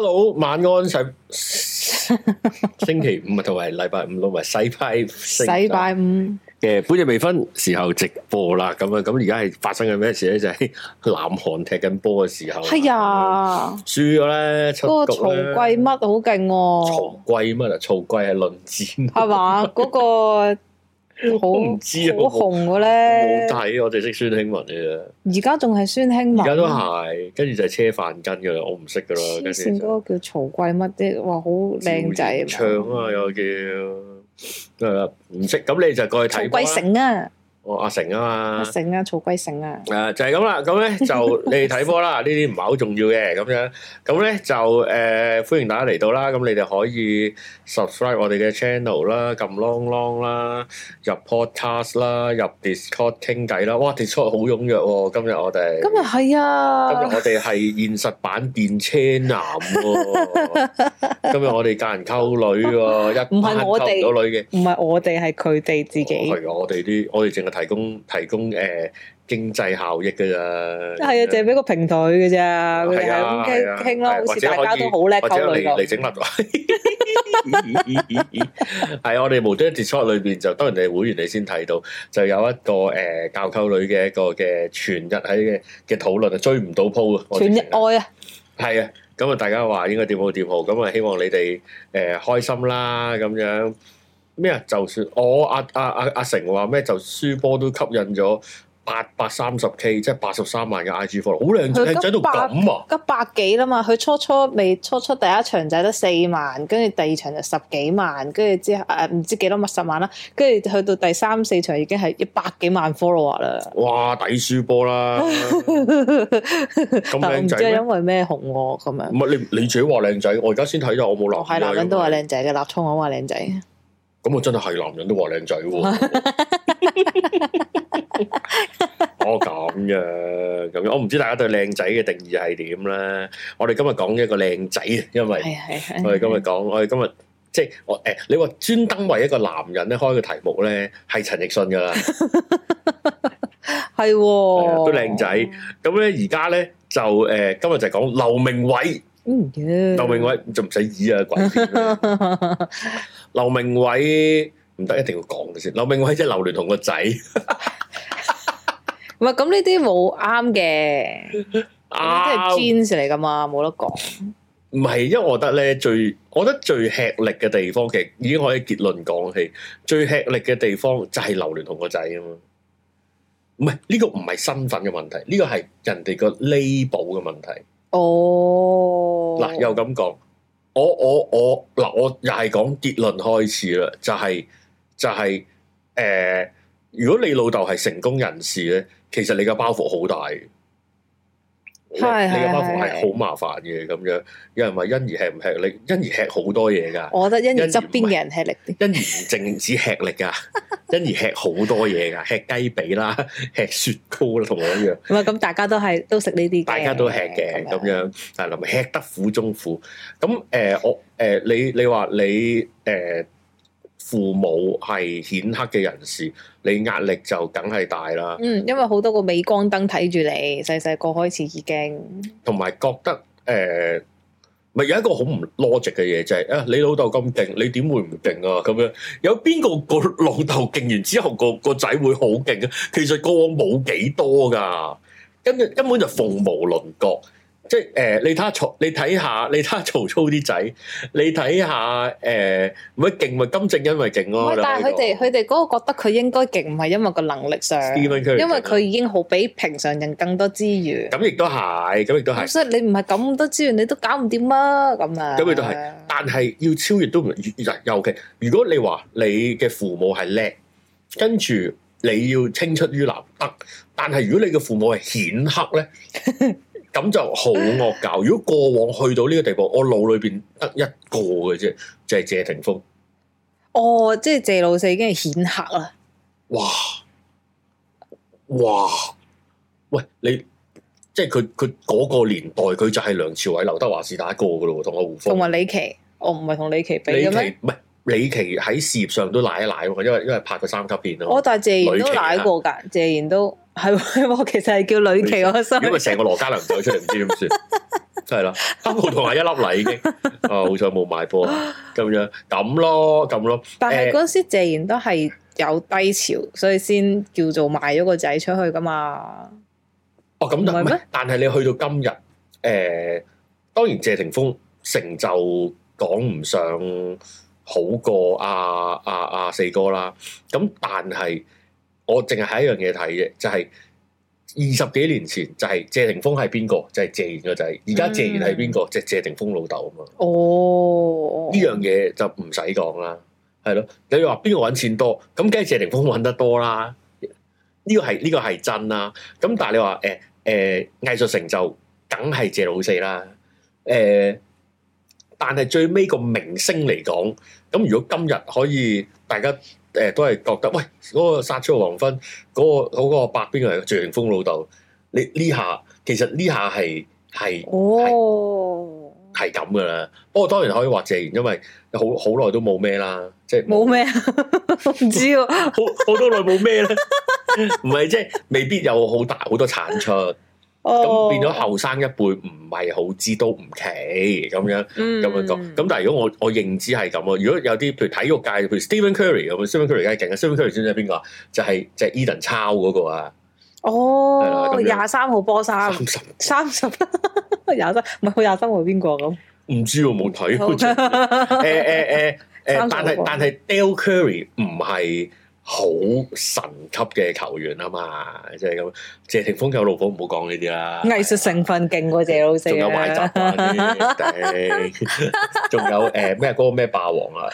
Hello，晚安，細星期五同埋禮拜五，同埋細派細派五嘅半夜微醺時候直播啦。咁啊，咁而家係發生緊咩事咧？就係、是、南韓踢緊波嘅時候，係、哎、呀啊，輸咗咧。嗰個曹貴乜好勁，曹貴乜啊？曹貴係輪戰，係嘛？嗰、那個。好唔知啊，好紅嘅咧，冇睇，我就識孫興慜嘅啫。而家仲係孫興慜，而家都係，跟住就係車範根嘅啦，我唔識嘅啦。跟前嗰個叫曹圭乜啲，哇，好靚仔啊！唱啊又叫，係唔識。咁你就過去睇。曹圭成啊！阿成啊嘛，阿成啊，草龜成啊，誒就係咁啦，咁咧就你哋睇波啦，呢啲唔係好重要嘅，咁樣，咁咧就誒歡迎大家嚟到啦，咁你哋可以 subscribe 我哋嘅 channel 啦，撳 long long 啦，入 podcast 啦，入 Discord 傾偈啦，哇 Discord 好踴躍喎，今日我哋，今日係啊，今日我哋係現實版電車男喎，今日我哋教人溝女喎，一晚溝唔到女嘅，唔係我哋係佢哋自己，係啊，我哋啲我哋淨係。提供提供誒經濟效益噶咋，係啊，就係俾個平台噶咋，佢哋係咁傾傾咯，好似大家都好叻溝女咯。係我哋無端端 talk 裏邊就當人哋會員你先睇到，就有一個誒教溝女嘅一個嘅全日喺嘅嘅討論啊，追唔到鋪啊，全日愛啊，係啊，咁啊大家話應該點好點好，咁啊希望你哋誒開心啦，咁樣。咩啊？就算我阿阿阿阿成話咩就輸波都吸引咗八百三十 K，即係八十三萬嘅 IG follow，好靚仔喺度咁啊！得百,百幾啦嘛，佢初初未初初第一場就得四萬，跟住第二場就十幾萬，跟住之後誒唔知幾多乜十萬啦，跟住去到第三四場已經係一百幾萬 follow 啦。哇！抵輸波啦，咁靚仔，因為咩紅喎咁樣？唔係你你自己話靚仔，我而家先睇下，我冇立係男人都話靚仔嘅，立聰我話靚仔。咁我真係係男人都話靚仔喎！哦，咁樣、啊，咁樣、啊，我唔知大家對靚仔嘅定義係點啦。我哋今日講一個靚仔，因為我哋今日講， 我哋今日即係我誒，你話專登為一個男人咧開個題目咧，係陳奕迅噶啦，係都靚仔。咁、嗯、咧，而家咧就誒、呃，今日就係講劉鳴煒。唔要劉鳴煒就唔使意啊！鬼嘢，劉鳴煒唔得，一定要講嘅先。劉鳴煒即係劉鑾雄個仔，唔係咁呢啲冇啱嘅，呢啲係 ins 嚟噶嘛，冇得講。唔係，因為我覺得咧，最我覺得最吃力嘅地方，其實已經可以結論講起，最吃力嘅地方就係劉鑾雄個仔啊嘛。唔係，呢個唔係身份嘅問題，呢個係人哋個 label 嘅問題。哦。嗱，又咁講，我我我，嗱，我又係講結論開始啦，就係、是、就係、是，誒、呃，如果你老豆係成功人士咧，其實你嘅包袱好大。係啊，你嘅包袱係好麻煩嘅咁樣。有人話欣怡吃唔吃力？欣怡吃好多嘢噶。我覺得欣怡側邊嘅人吃力啲。欣怡唔淨止吃力噶，欣怡 吃好多嘢噶，吃雞髀啦，吃雪糕啦， 同我一樣。唔係，咁大家都係都食呢啲。大家都吃嘅咁樣，係咪吃得苦中苦。咁誒、呃，我誒、呃，你你話你誒。呃父母係顯赫嘅人士，你壓力就梗係大啦。嗯，因為好多個鎂光燈睇住你，細細個開始已經。同埋覺得誒，咪、呃、有一個好唔 logic 嘅嘢，就係、是、啊，你老豆咁勁，你點會唔勁啊？咁樣有邊個個老豆勁完之後，個個仔會好勁啊？其實過往冇幾多㗎，根根本就鳳毛麟角。即係誒、呃，你睇曹，你睇下，你睇曹操啲仔，你睇下誒，唔係勁，咪金正恩咪勁咯。是你看 但係佢哋佢哋嗰個覺得佢應該勁，唔係因為個能力上，因為佢已經好比平常人更多資源。咁亦都係，咁亦都係。所以你唔係咁多資源，你都搞唔掂啊！咁樣。咁亦都係，的但係要超越都唔易。尤其如果你話你嘅父母係叻，跟住你要青出於藍，得。但係如果你嘅父母係顯赫咧。 咁就好惡搞！如果過往去到呢個地步，我腦裏邊得一個嘅啫，就係謝霆鋒。哦，即係謝老四已經係顯客啦。哇哇！喂，你即係佢佢嗰個年代，佢就係梁朝偉、劉德華是打一個噶咯喎，同我胡峯、同埋李琦，我唔係同李琦比嘅咩？唔係李琦喺事業上都瀨一瀨喎，因為因為拍過三級片咯。我但係謝賢都瀨過㗎，啊、謝賢都。係喎， 其實係叫呂奇我個心。因為成個羅嘉良走出嚟唔 知點算，真係啦。阿毛同埋一粒禮嘅，啊、哦，好彩冇買波咁樣，咁咯，咁咯。但係嗰時謝賢都係有低潮，所以先叫做賣咗個仔出去噶嘛。哦，咁唔係咩？但係你去到今日，誒、呃，當然謝霆鋒成就講唔上好過阿阿阿四哥啦。咁但係。我淨係喺一樣嘢睇嘅，就係、是、二十幾年前就係謝霆鋒係邊個？就係、是、謝賢個仔。而家謝賢係邊個？即係、嗯、謝霆鋒老豆啊嘛。哦，呢樣嘢就唔使講啦，係咯。你話邊個揾錢多，咁梗係謝霆鋒揾得多啦。呢、這個係呢、這個係真啦。咁但係你話誒誒，藝術成就梗係謝老四啦。誒、呃，但係最尾個明星嚟講，咁如果今日可以大家。誒，都係覺得，喂，嗰、那個殺出個黃昏，嗰、那個、那個白邊係謝霆鋒老豆。你呢下其實呢下係係哦，係咁噶啦。不過當然可以話謝，因為好好耐都冇咩啦，即係冇咩，唔什 知道 好好多耐冇咩咧，唔係即係未必有好大好多產出。咁、oh, 變咗後生一輩唔係好知都唔奇咁樣咁樣講，咁但係如果我我認知係咁咯。如果有啲譬如體育界譬如 Stephen Curry 咁 Stephen Curry 梗係勁啦。Stephen Curry 知唔知邊個啊？就係就係 Eden 抄嗰個啊。哦，廿三號波三三三廿三，唔係佢廿三號邊個咁？唔知喎，冇睇。誒誒誒誒，但係但係是 Dell Curry 唔係。好神級嘅球員啊嘛，即係咁。謝霆鋒有怒火，唔好講呢啲啦。藝術成分勁過謝老師，仲有埋集啊，仲 有誒咩嗰個咩霸王啊？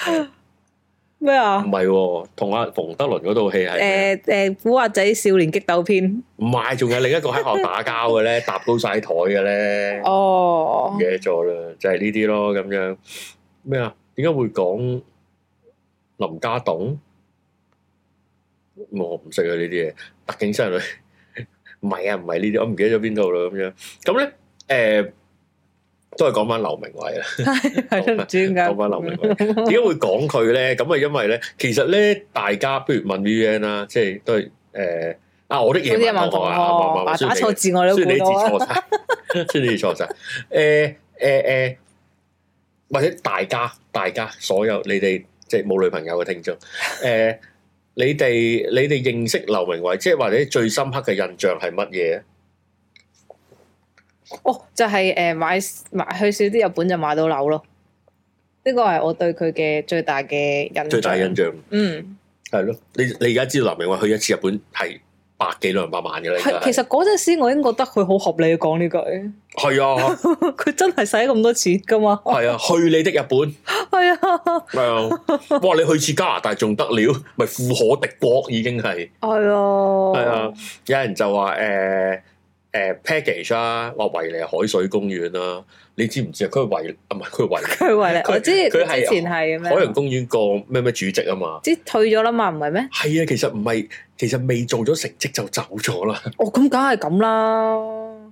咩啊？唔係，同阿馮德倫嗰套戲係誒誒《古惑仔少年激鬥篇》啊。唔係，仲有另一個喺學打交嘅咧， 搭高晒台嘅咧。哦，唔記得咗啦，就係呢啲咯，咁樣咩啊？點解會講林家棟？我唔識啊呢啲嘢，北警新人，唔係啊，唔係呢啲，我唔記得咗邊度啦咁樣。咁咧，誒、欸，都係講翻劉鳴煒啦，係係啊，點解講翻劉鳴煒？點解會講佢咧？咁啊，因為咧，其實咧，大家不如問 V N 啦，即係都係誒、欸，啊，我的嘢、okay. 打錯字我都估到，所以你錯晒，即係 你錯晒，誒誒誒，或者大家大家所有, Ide, arms, 所，有所，有所有你哋即係冇女朋友嘅聽眾，誒。你哋你哋認識劉鳴煒，即係或者最深刻嘅印象係乜嘢？哦，就係、是、誒、呃、買買去少啲日本就買到樓咯，呢、這個係我對佢嘅最大嘅印象。最大印象，嗯，係咯。你你而家知道劉鳴煒去一次日本係。百幾兩百萬嘅咧，係，其實嗰陣時我已經覺得佢好合理講呢句。係啊，佢 真係使咁多錢㗎嘛。係啊，去你的日本。係啊，係啊， 哇！你去次加拿大仲得了，咪富可敵國已經係。係啊，係啊，啊，有人就話誒。呃誒、呃、package 啊，話維尼海水公園啦，啊，你知唔知啊？佢維啊唔係佢維，佢維，他我知佢係是前係海洋公園個咩咩主席啊嘛，即係退咗啦嘛，唔係咩？係啊，其實唔係，其實未做咗成績就走咗啦。哦，咁梗係咁啦。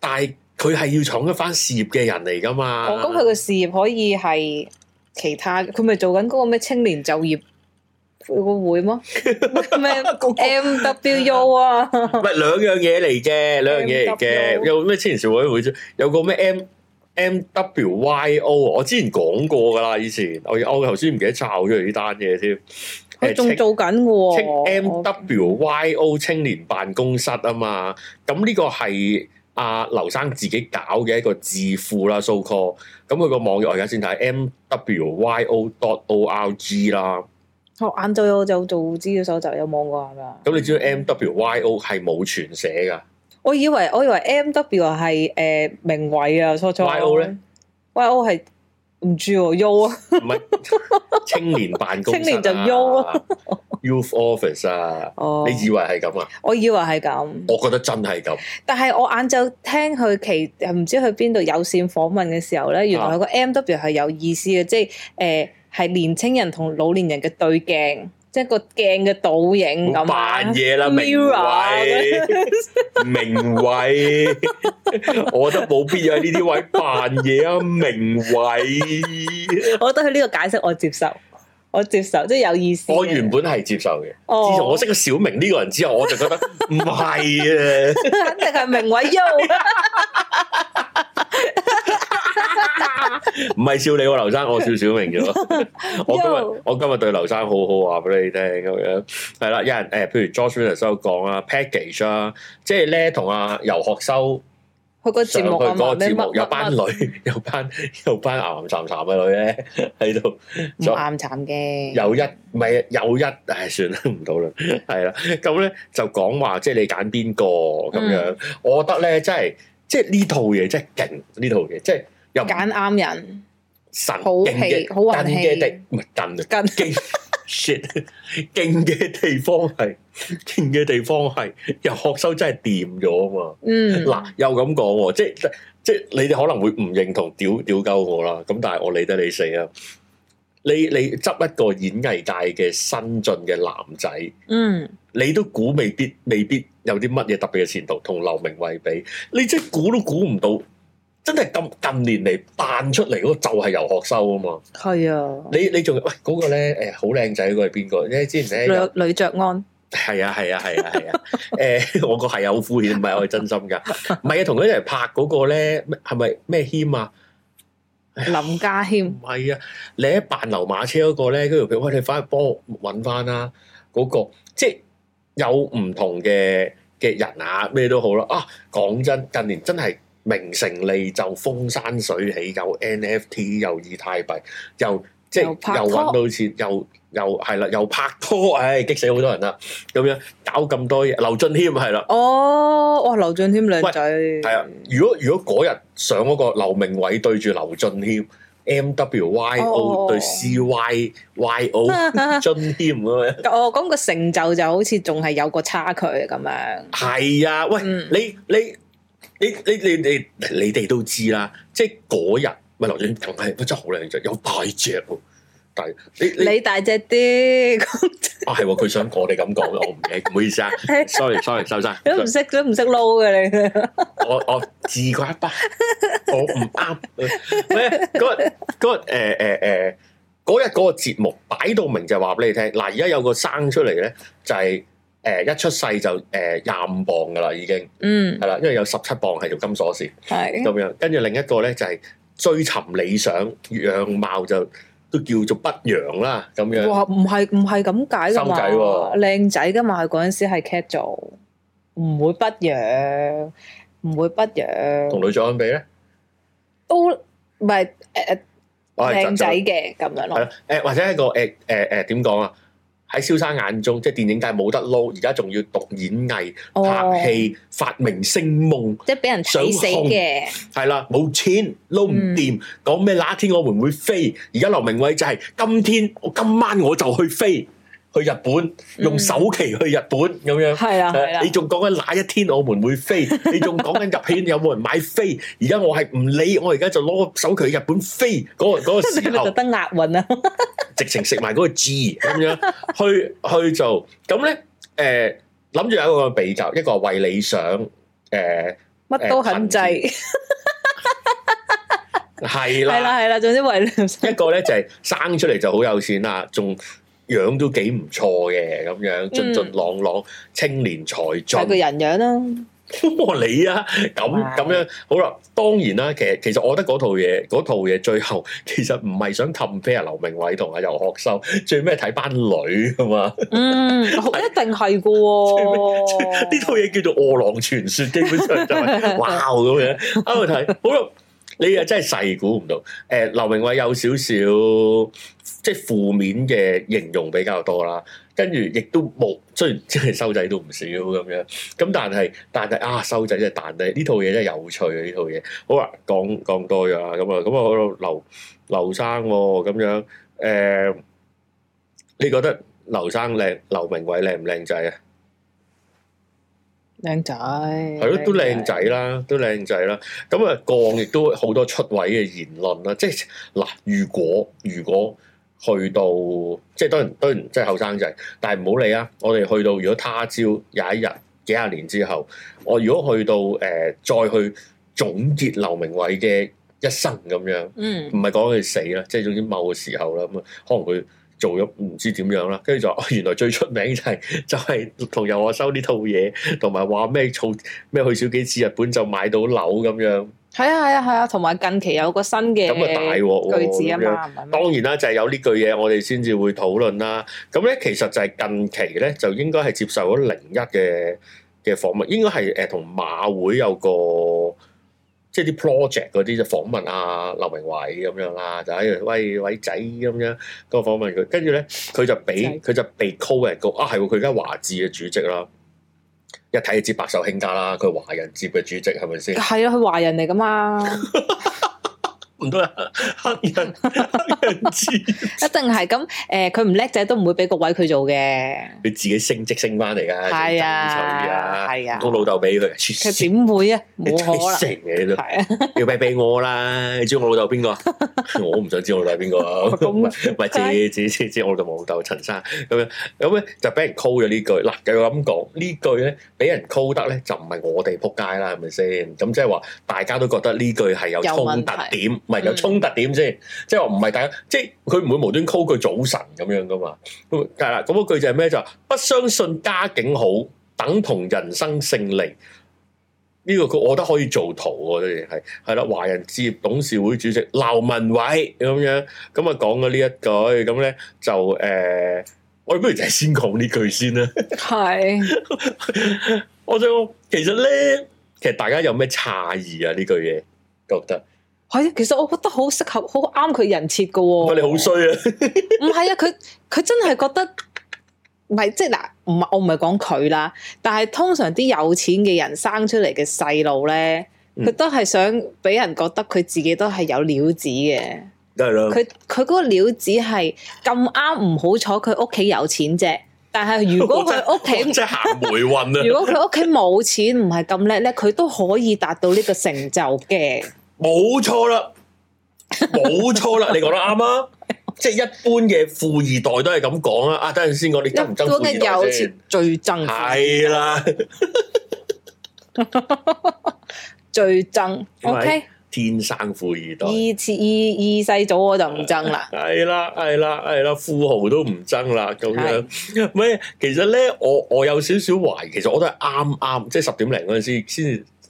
但係佢係要闖一番事業嘅人嚟噶嘛，哦？我講佢嘅事業可以係其他，佢咪做緊嗰個咩青年就業？個會 麼？咩 M W U 啊？唔係兩樣嘢嚟嘅，兩樣嘢嚟嘅。W，有咩青年社會會出？有個咩 M M W Y O？我之前講過噶啦，以前我我頭先唔記得抄咗嚟呢單嘢添。你仲做緊嘅喎？M W Y O 青年辦公室啊嘛。咁呢 Okay. 個係阿劉生自己搞嘅一個智庫啦，so call, M w y，o call。咁佢個網頁我而家先睇 M W Y O dot O R G 啦。晏晝有就做資料搜集，有網嗰下噶。咁你知唔知 M W Y O 係冇全寫噶？我以為我以為 M W 係誒、呃、名位啊，初初。Y O 咧？Y O 係唔知 U 啊？唔 係青年辦公、啊、青年就 U yo 啊 ？Youth Office 啊？哦，oh, 你以為係咁啊？我以為係咁。我覺得真係咁。但係我晏晝聽佢其唔知去邊度有線訪問嘅時候咧，原來個 M W 係有意思嘅，即係誒。呃係年青人同老年人嘅對鏡，即係個鏡嘅倒影咁。扮嘢啦，鳴煒，鳴煒，我覺得冇必要喺呢啲位扮嘢啊，鳴煒。我覺得佢呢個解釋我接受，我接受，即係有意思。我原本係接受嘅，自從我識咗小明呢個人之後，我就覺得唔係啊，肯定係鳴煒優。唔係， 笑你、啊，劉生，我笑小明咗。 我今日天 Yo 我今日對劉生好好話俾你聽，咁樣係啦。有人誒，譬如 Joshua 所講啦，Package 啦，即係咧同阿游學修，佢個節目啊，咩節、啊就是、目？有班女，有班有班岩岩、慘慘嘅女咧喺度，做啱慘嘅。有一咪有一，唉，算啦，唔到論。係啦，咁咧就講話，即、就、係、是、你揀邊個咁樣？嗯、我覺得咧，即係即係呢套嘢即係勁，呢套嘢即係。又揀啱人，神好氣好嘅氣，唔係跟跟勁勁嘅地方係勁嘅地方係，又學收真係掂咗啊嘛！嗯，嗱又咁講、哦，即係即係你哋可能會唔認同，屌屌鳩我啦，咁但係我理得你死啊！你你執一個演藝界嘅新晉嘅男仔，嗯，你都估未必未必有啲乜嘢特別嘅前途，同劉明慧比，你即係估都估唔到。真係近近年嚟彈出嚟嗰個就係游學修啊嘛，係啊，你你仲喂嗰個咧誒好靚仔嗰個係邊個？你之前咧呂呂爵安係啊係啊係啊係啊，誒我個係啊好敷衍，唔係我係真心噶，唔係啊，同佢一齊拍嗰個咧，係咪咩謙啊？林家謙唔係啊，你一扮溜馬車嗰個咧，跟住佢喂你翻去幫我搵翻啦，嗰個即係有唔同嘅嘅人啊，咩都好啦啊，講真，近年真係。名成利就風山水起，又 NFT 又以太幣，又即係又揾到錢，又又係啦，又拍拖，唉，激死好多人啦，咁樣搞咁多嘢。劉俊謙係啦，哦，oh, 哇，劉俊謙靚仔，係啊。如果如果嗰日上嗰個劉鳴煒對住劉俊謙，M W Y O、oh. 對 C Y Y O，俊謙咁樣，哦，講個成就就好似仲係有個差距咁樣。係啊，喂，你喂、嗯、你。你你你你你你哋都知啦，即係嗰日，唔係劉俊，梗係，真係好靚仔，有大隻喎。但係你你，你大隻啲，哦係、啊，佢想我哋咁講，我唔記，唔好意思啊 ，sorry sorry，收聲。都唔識都唔識撈嘅你，我我自摑一巴，我唔啱。咩嗰日，嗰個誒誒誒，嗰日嗰個節目擺到明就話俾你聽，嗱，而家有個生出嚟咧，就係、是。誒，一出世就誒廿五磅噶啦，已經，係啦，因為有十七磅係條金鎖匙，咁樣。跟住另一個咧就係追尋理想，樣貌，就都叫做不揚啦，咁樣。哇，唔係唔係咁解噶嘛？靚仔噶嘛？嗰陣時係 cat 做，唔會不揚，唔會不揚。同女仔比咧，都唔係誒，靚仔嘅咁樣咯。誒，或者係個誒誒誒，點講啊？喺蕭生眼中，即係電影界冇得撈，而家仲要讀演藝、oh. 拍戲、發明星夢，即係俾人死想死嘅。係啦，冇錢撈唔掂，講咩哪一天我會唔會飛？而家劉鳴煒就係、是、今天，我今晚我就去飛。去日本用首期去日本咁樣，嗯、你仲講緊哪一天我們會飛？ 你仲講緊入戲院有冇人買飛？而家我係唔理，我而家就攞個首期去日本飛嗰嗰、那個那個時候，就得押韻啊！直情食埋嗰個字咁樣去去做咁咧？誒，諗、呃、住有一個比較，一個為理想，誒、呃，乜都肯制，係啦，係啦，係啦，總之為理 一個咧就係生出嚟就好有錢啦，仲。樣都幾唔錯嘅，咁樣俊俊朗朗，青年才俊。佢人樣啦，你 啊，咁咁樣，樣，好啦，當然啦，其實其實我覺得嗰套嘢，嗰套嘢最後其實唔係想氹飛啊，劉鳴煒同阿游學修最咩睇班女噶嘛， 嗯，一定係噶，呢 套嘢叫做餓狼傳說，基本上就係、是、 哇咁樣，啱去睇，好啦，你又真係細估唔到，誒， 劉鳴煒有少少。即係負面嘅形容比較多啦，跟住亦都冇，雖然即係收仔都唔少咁樣，咁但係但係啊，收仔就彈真係難嘅，呢套嘢真係有趣啊！呢套嘢好啊，講講多咗啦，咁啊，咁啊，劉劉生咁、哦、樣，誒、欸，你覺得劉生靚，劉鳴煒靚唔靚仔啊？靚仔係咯，都靚仔帥啦，都靚仔啦。咁啊，降亦都好多出位嘅言論啦，即係嗱，如果如果。如果去到即係當然當然即係後生仔，但係唔好理啊！我哋去到如果他朝有一日幾十年之後，我如果去到誒、呃、再去總結劉鳴煒嘅一生咁樣，唔係講佢死啦，即係總之某個時候啦，咁啊可能佢做咗唔知點樣啦，跟住就、哦、原來最出名就係、是、就係同遊學收呢套嘢，同埋話咩做咩去少幾次日本就買到樓咁樣。係啊係啊係啊，同埋、啊啊、近期有個新嘅句子啊嘛，當然啦，就係、是、有呢句嘢，我哋先至會討論啦。咁、嗯、咧，其實就係近期咧，就應該係接受咗零一嘅嘅訪問，應該係誒同馬會有個即係啲 project 嗰啲就訪問啊，劉鳴煒咁樣啦，就喺度喂偉仔咁樣，咁、那個、訪問佢，跟住咧佢就俾佢就被 call 嘅局，啊，係佢而家華置嘅主席啦。一睇就知白手興家啦，佢華人接嘅主席係咪先？係啊，佢華人嚟㗎嘛。 唔多人，黑人、euh,，黑人字一定係咁。誒，佢唔叻仔都唔會俾個位佢做嘅。你自己升職升翻嚟㗎，係啊，係啊，我老豆俾佢。佢點會啊？冇可能嘅呢度。要俾俾我啦！你知我老豆邊個？我唔想知我老豆邊個。咁咪借自借借我老豆，冇老豆陳生咁樣咁咧，就俾人 call 咗呢句。嗱，繼續咁講呢句咧，俾人 call 得咧，就唔係我哋仆街啦，係咪先？咁即係話，大家都覺得呢句係有衝突點。唔係有衝突點，先？即係話唔係，大家，即係佢唔會無端端 call 句早晨咁樣噶嘛。係啦，咁、那、嗰、個、句就係咩？就是、不相信家境好，等同人生勝利。呢、這個句我覺得可以做圖喎，真係係啦。華人置業董事會主席劉鳴煒咁樣咁啊講咗呢一句，咁咧，就誒、呃，我哋不如就係先講呢句先啦。係是， 我就其實咧，其實大家有咩詫異啊？呢句嘢覺得。係，其實我覺得好適合，好啱佢人設噶喎。佢你好衰啊！唔係啊，佢佢真係覺得唔係，即係嗱，唔係我唔係講佢啦。但係通常啲有錢嘅人生出嚟嘅細路咧，佢都係想俾人覺得佢自己都係有料子嘅。都係啦。佢佢嗰個料子係咁啱，唔好彩佢屋企有錢啫。但係如果佢屋企即係行霉運啦。如果佢屋企冇錢，唔係咁叻咧，佢都可以達到呢個成就嘅。冇錯啦，冇錯啦，你講得啱啊！ 即係一般嘅富二代都係咁講啊！啊，等陣先講，你憎唔憎富二代先？最憎係啦，最憎 OK，天生富二代。二次二二世祖我就唔憎 啦，係啦係啦係啦，啦，富豪都唔憎啦，咁樣。咩是？其實咧，我我有少少懷疑，其實我都係啱啱，即係十點零嗰陣時先。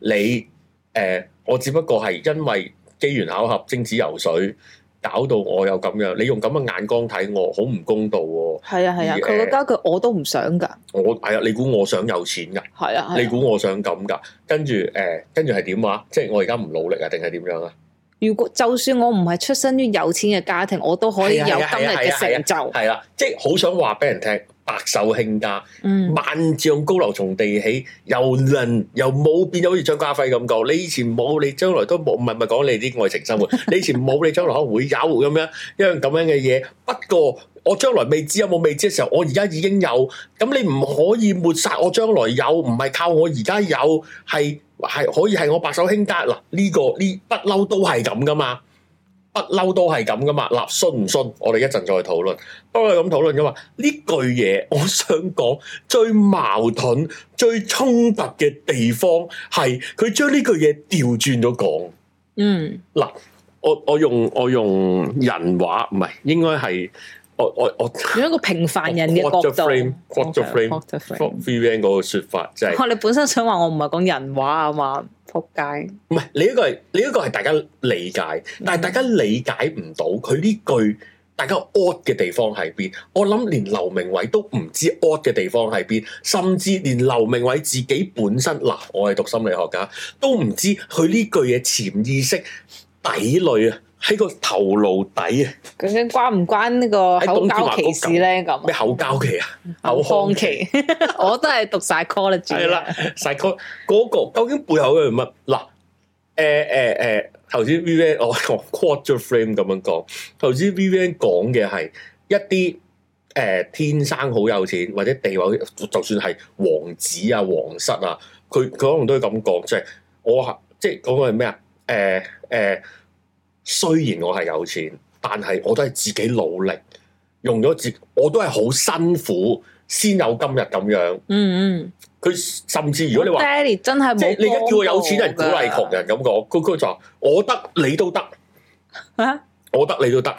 你誒、呃，我只不過係因為機緣巧合精子游水，搞到我又咁樣。你用咁嘅眼光睇我，好唔公道喎。係啊係啊，佢個家俱我都唔想㗎。我係啊，而哎、你估我想有錢㗎？係啊、嗯，你估我想咁㗎？跟住誒，跟住係點話？即係我而家唔努力啊，定係點樣啊？樣啊，如果就算我唔係出身於有錢嘅家庭，我都可以有今日嘅成就。係啦、啊，即係好想話俾人聽、嗯。白手興家，萬丈高樓從地起，又輪又冇變咗，好似張家輝咁講。你以前冇，你將來都冇，唔係唔係講你啲愛情生活。你以前冇，你將來可能會有咁樣一樣咁樣嘅嘢。不過我將來未知有冇未知嘅時候，我而家已經有。咁你唔可以抹殺我將來有，唔係靠我而家有，係係可以係我白手興家。嗱，呢個呢不嬲都係咁噶嘛。不嬲都係咁噶嘛？嗱，信唔信？我哋一陣再討論。不過咁討論噶嘛？呢句嘢我想講最矛盾、最衝突嘅地方係佢將呢句嘢調轉咗講。嗯，嗱，我我用我用人話唔係，應該係我我我用一個平凡人嘅角度。quarter frame，quarter frame，VVN 嗰個說法就係，是啊。你本身想話我唔係講人話啊嘛？仆街，唔係你呢個係你呢個係大家理解，但係大家理解唔到佢呢句，大家 odd 嘅地方喺邊？我諗連劉鳴煒都唔知 odd 嘅地方喺邊，甚至連劉鳴煒自己本身，嗱、啊、我係讀心理學家，都唔知佢呢句嘢潛意識底裏啊。喺個頭腦底啊，究竟關唔關呢個口交歧視咧？咁咩口交期啊？口腔期，我都係讀晒、啊、psychology 係啦 psychology 嗰個究竟背後係乜嗱？誒誒誒，頭、欸、先、欸、Vivian, quarter V N 我用 quarter frame 咁樣講，頭先 V V N 講嘅係一啲誒、呃、天生好有錢或者地位，就算係王子啊、皇室啊，佢佢可能都係咁講，即係我即係講嘅係咩啊？誒誒。欸呃欸呃雖然我係有錢，但係我都係自己努力，用咗自己，我都係好辛苦先有今日咁樣。嗯嗯，佢甚至如果你話，爹哋真係即你一叫我有錢人，鼓勵窮人鼓勵窮人咁講。佢佢就話我得，你都得。啊，我得你都得，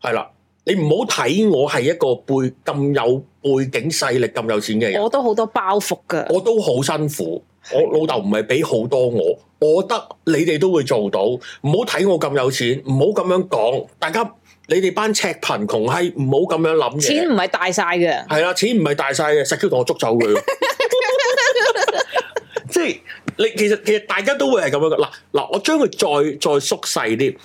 係啦。你唔好睇我係一個背咁有背景勢力咁有錢嘅人，我都好多包袱㗎，我都好辛苦。我老豆唔係俾好多我，我覺得你哋都會做到。唔好睇我咁有錢，唔好咁樣講。大家你哋班赤貧窮係唔好咁樣諗嘢。錢唔係大晒嘅，係啦，錢唔係大晒嘅，石 Q 同我捉走佢。 即係你其實其實大家都會係咁樣嘅。嗱嗱，我將佢再再縮細啲。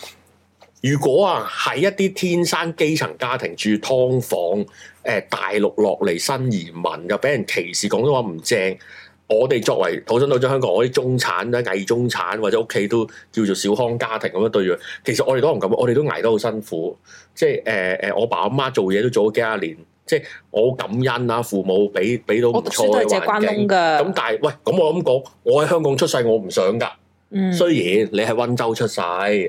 如果啊喺一啲天生基層家庭住劏房，誒、呃、大陸落嚟新移民又俾人歧視，廣東話唔正。我哋作為土生土長香港，我啲中產咧、偽中產或者屋企都叫做小康家庭咁樣對住，其實我哋都唔敢，我哋都捱得好辛苦。即係誒誒，我爸阿媽做嘢都做咗幾十年，即係我好感恩啦，父母俾俾到唔錯嘅環境。咁但係，喂，咁我咁講，我喺香港出世，我唔想㗎。雖然你喺溫州出世，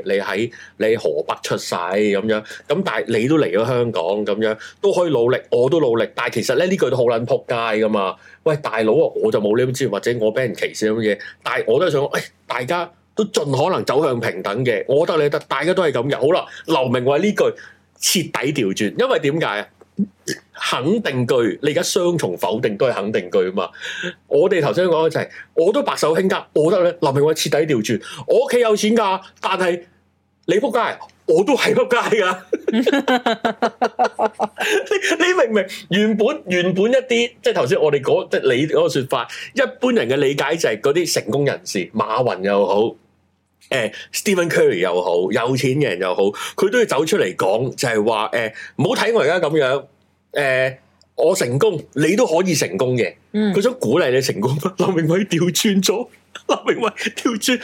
你喺你河北出世咁樣，咁但係你都嚟咗香港咁樣，都可以努力，我都努力。但係其實咧呢句都好撚撲街噶嘛。喂大佬啊，我就冇呢啲資源，或者我俾人歧視咁嘅嘢，但係我都係想，誒、哎，大家都盡可能走向平等嘅。我得你得，大家都係咁嘅。好啦，劉鳴煒呢句徹底調轉，因為點解啊？肯定句，你而家雙重否定都係肯定句啊嘛！我哋頭先講就係、是，我都白手興家，我得咧。林平偉徹底調轉，我屋企有錢噶，但係你仆街，我都係仆街噶。你明唔明原本，原本一啲，即係頭先我哋講即係你嗰個說法，一般人嘅理解就係嗰啲成功人士，馬雲又好。誒、uh，Stephen Curry 又好，有錢嘅人又好，佢都要走出嚟講，就係話誒，唔好睇我而家咁樣，誒、呃，我成功，你都可以成功嘅。佢、嗯、想鼓勵你成功。劉鳴煒調轉咗，劉鳴煒調轉，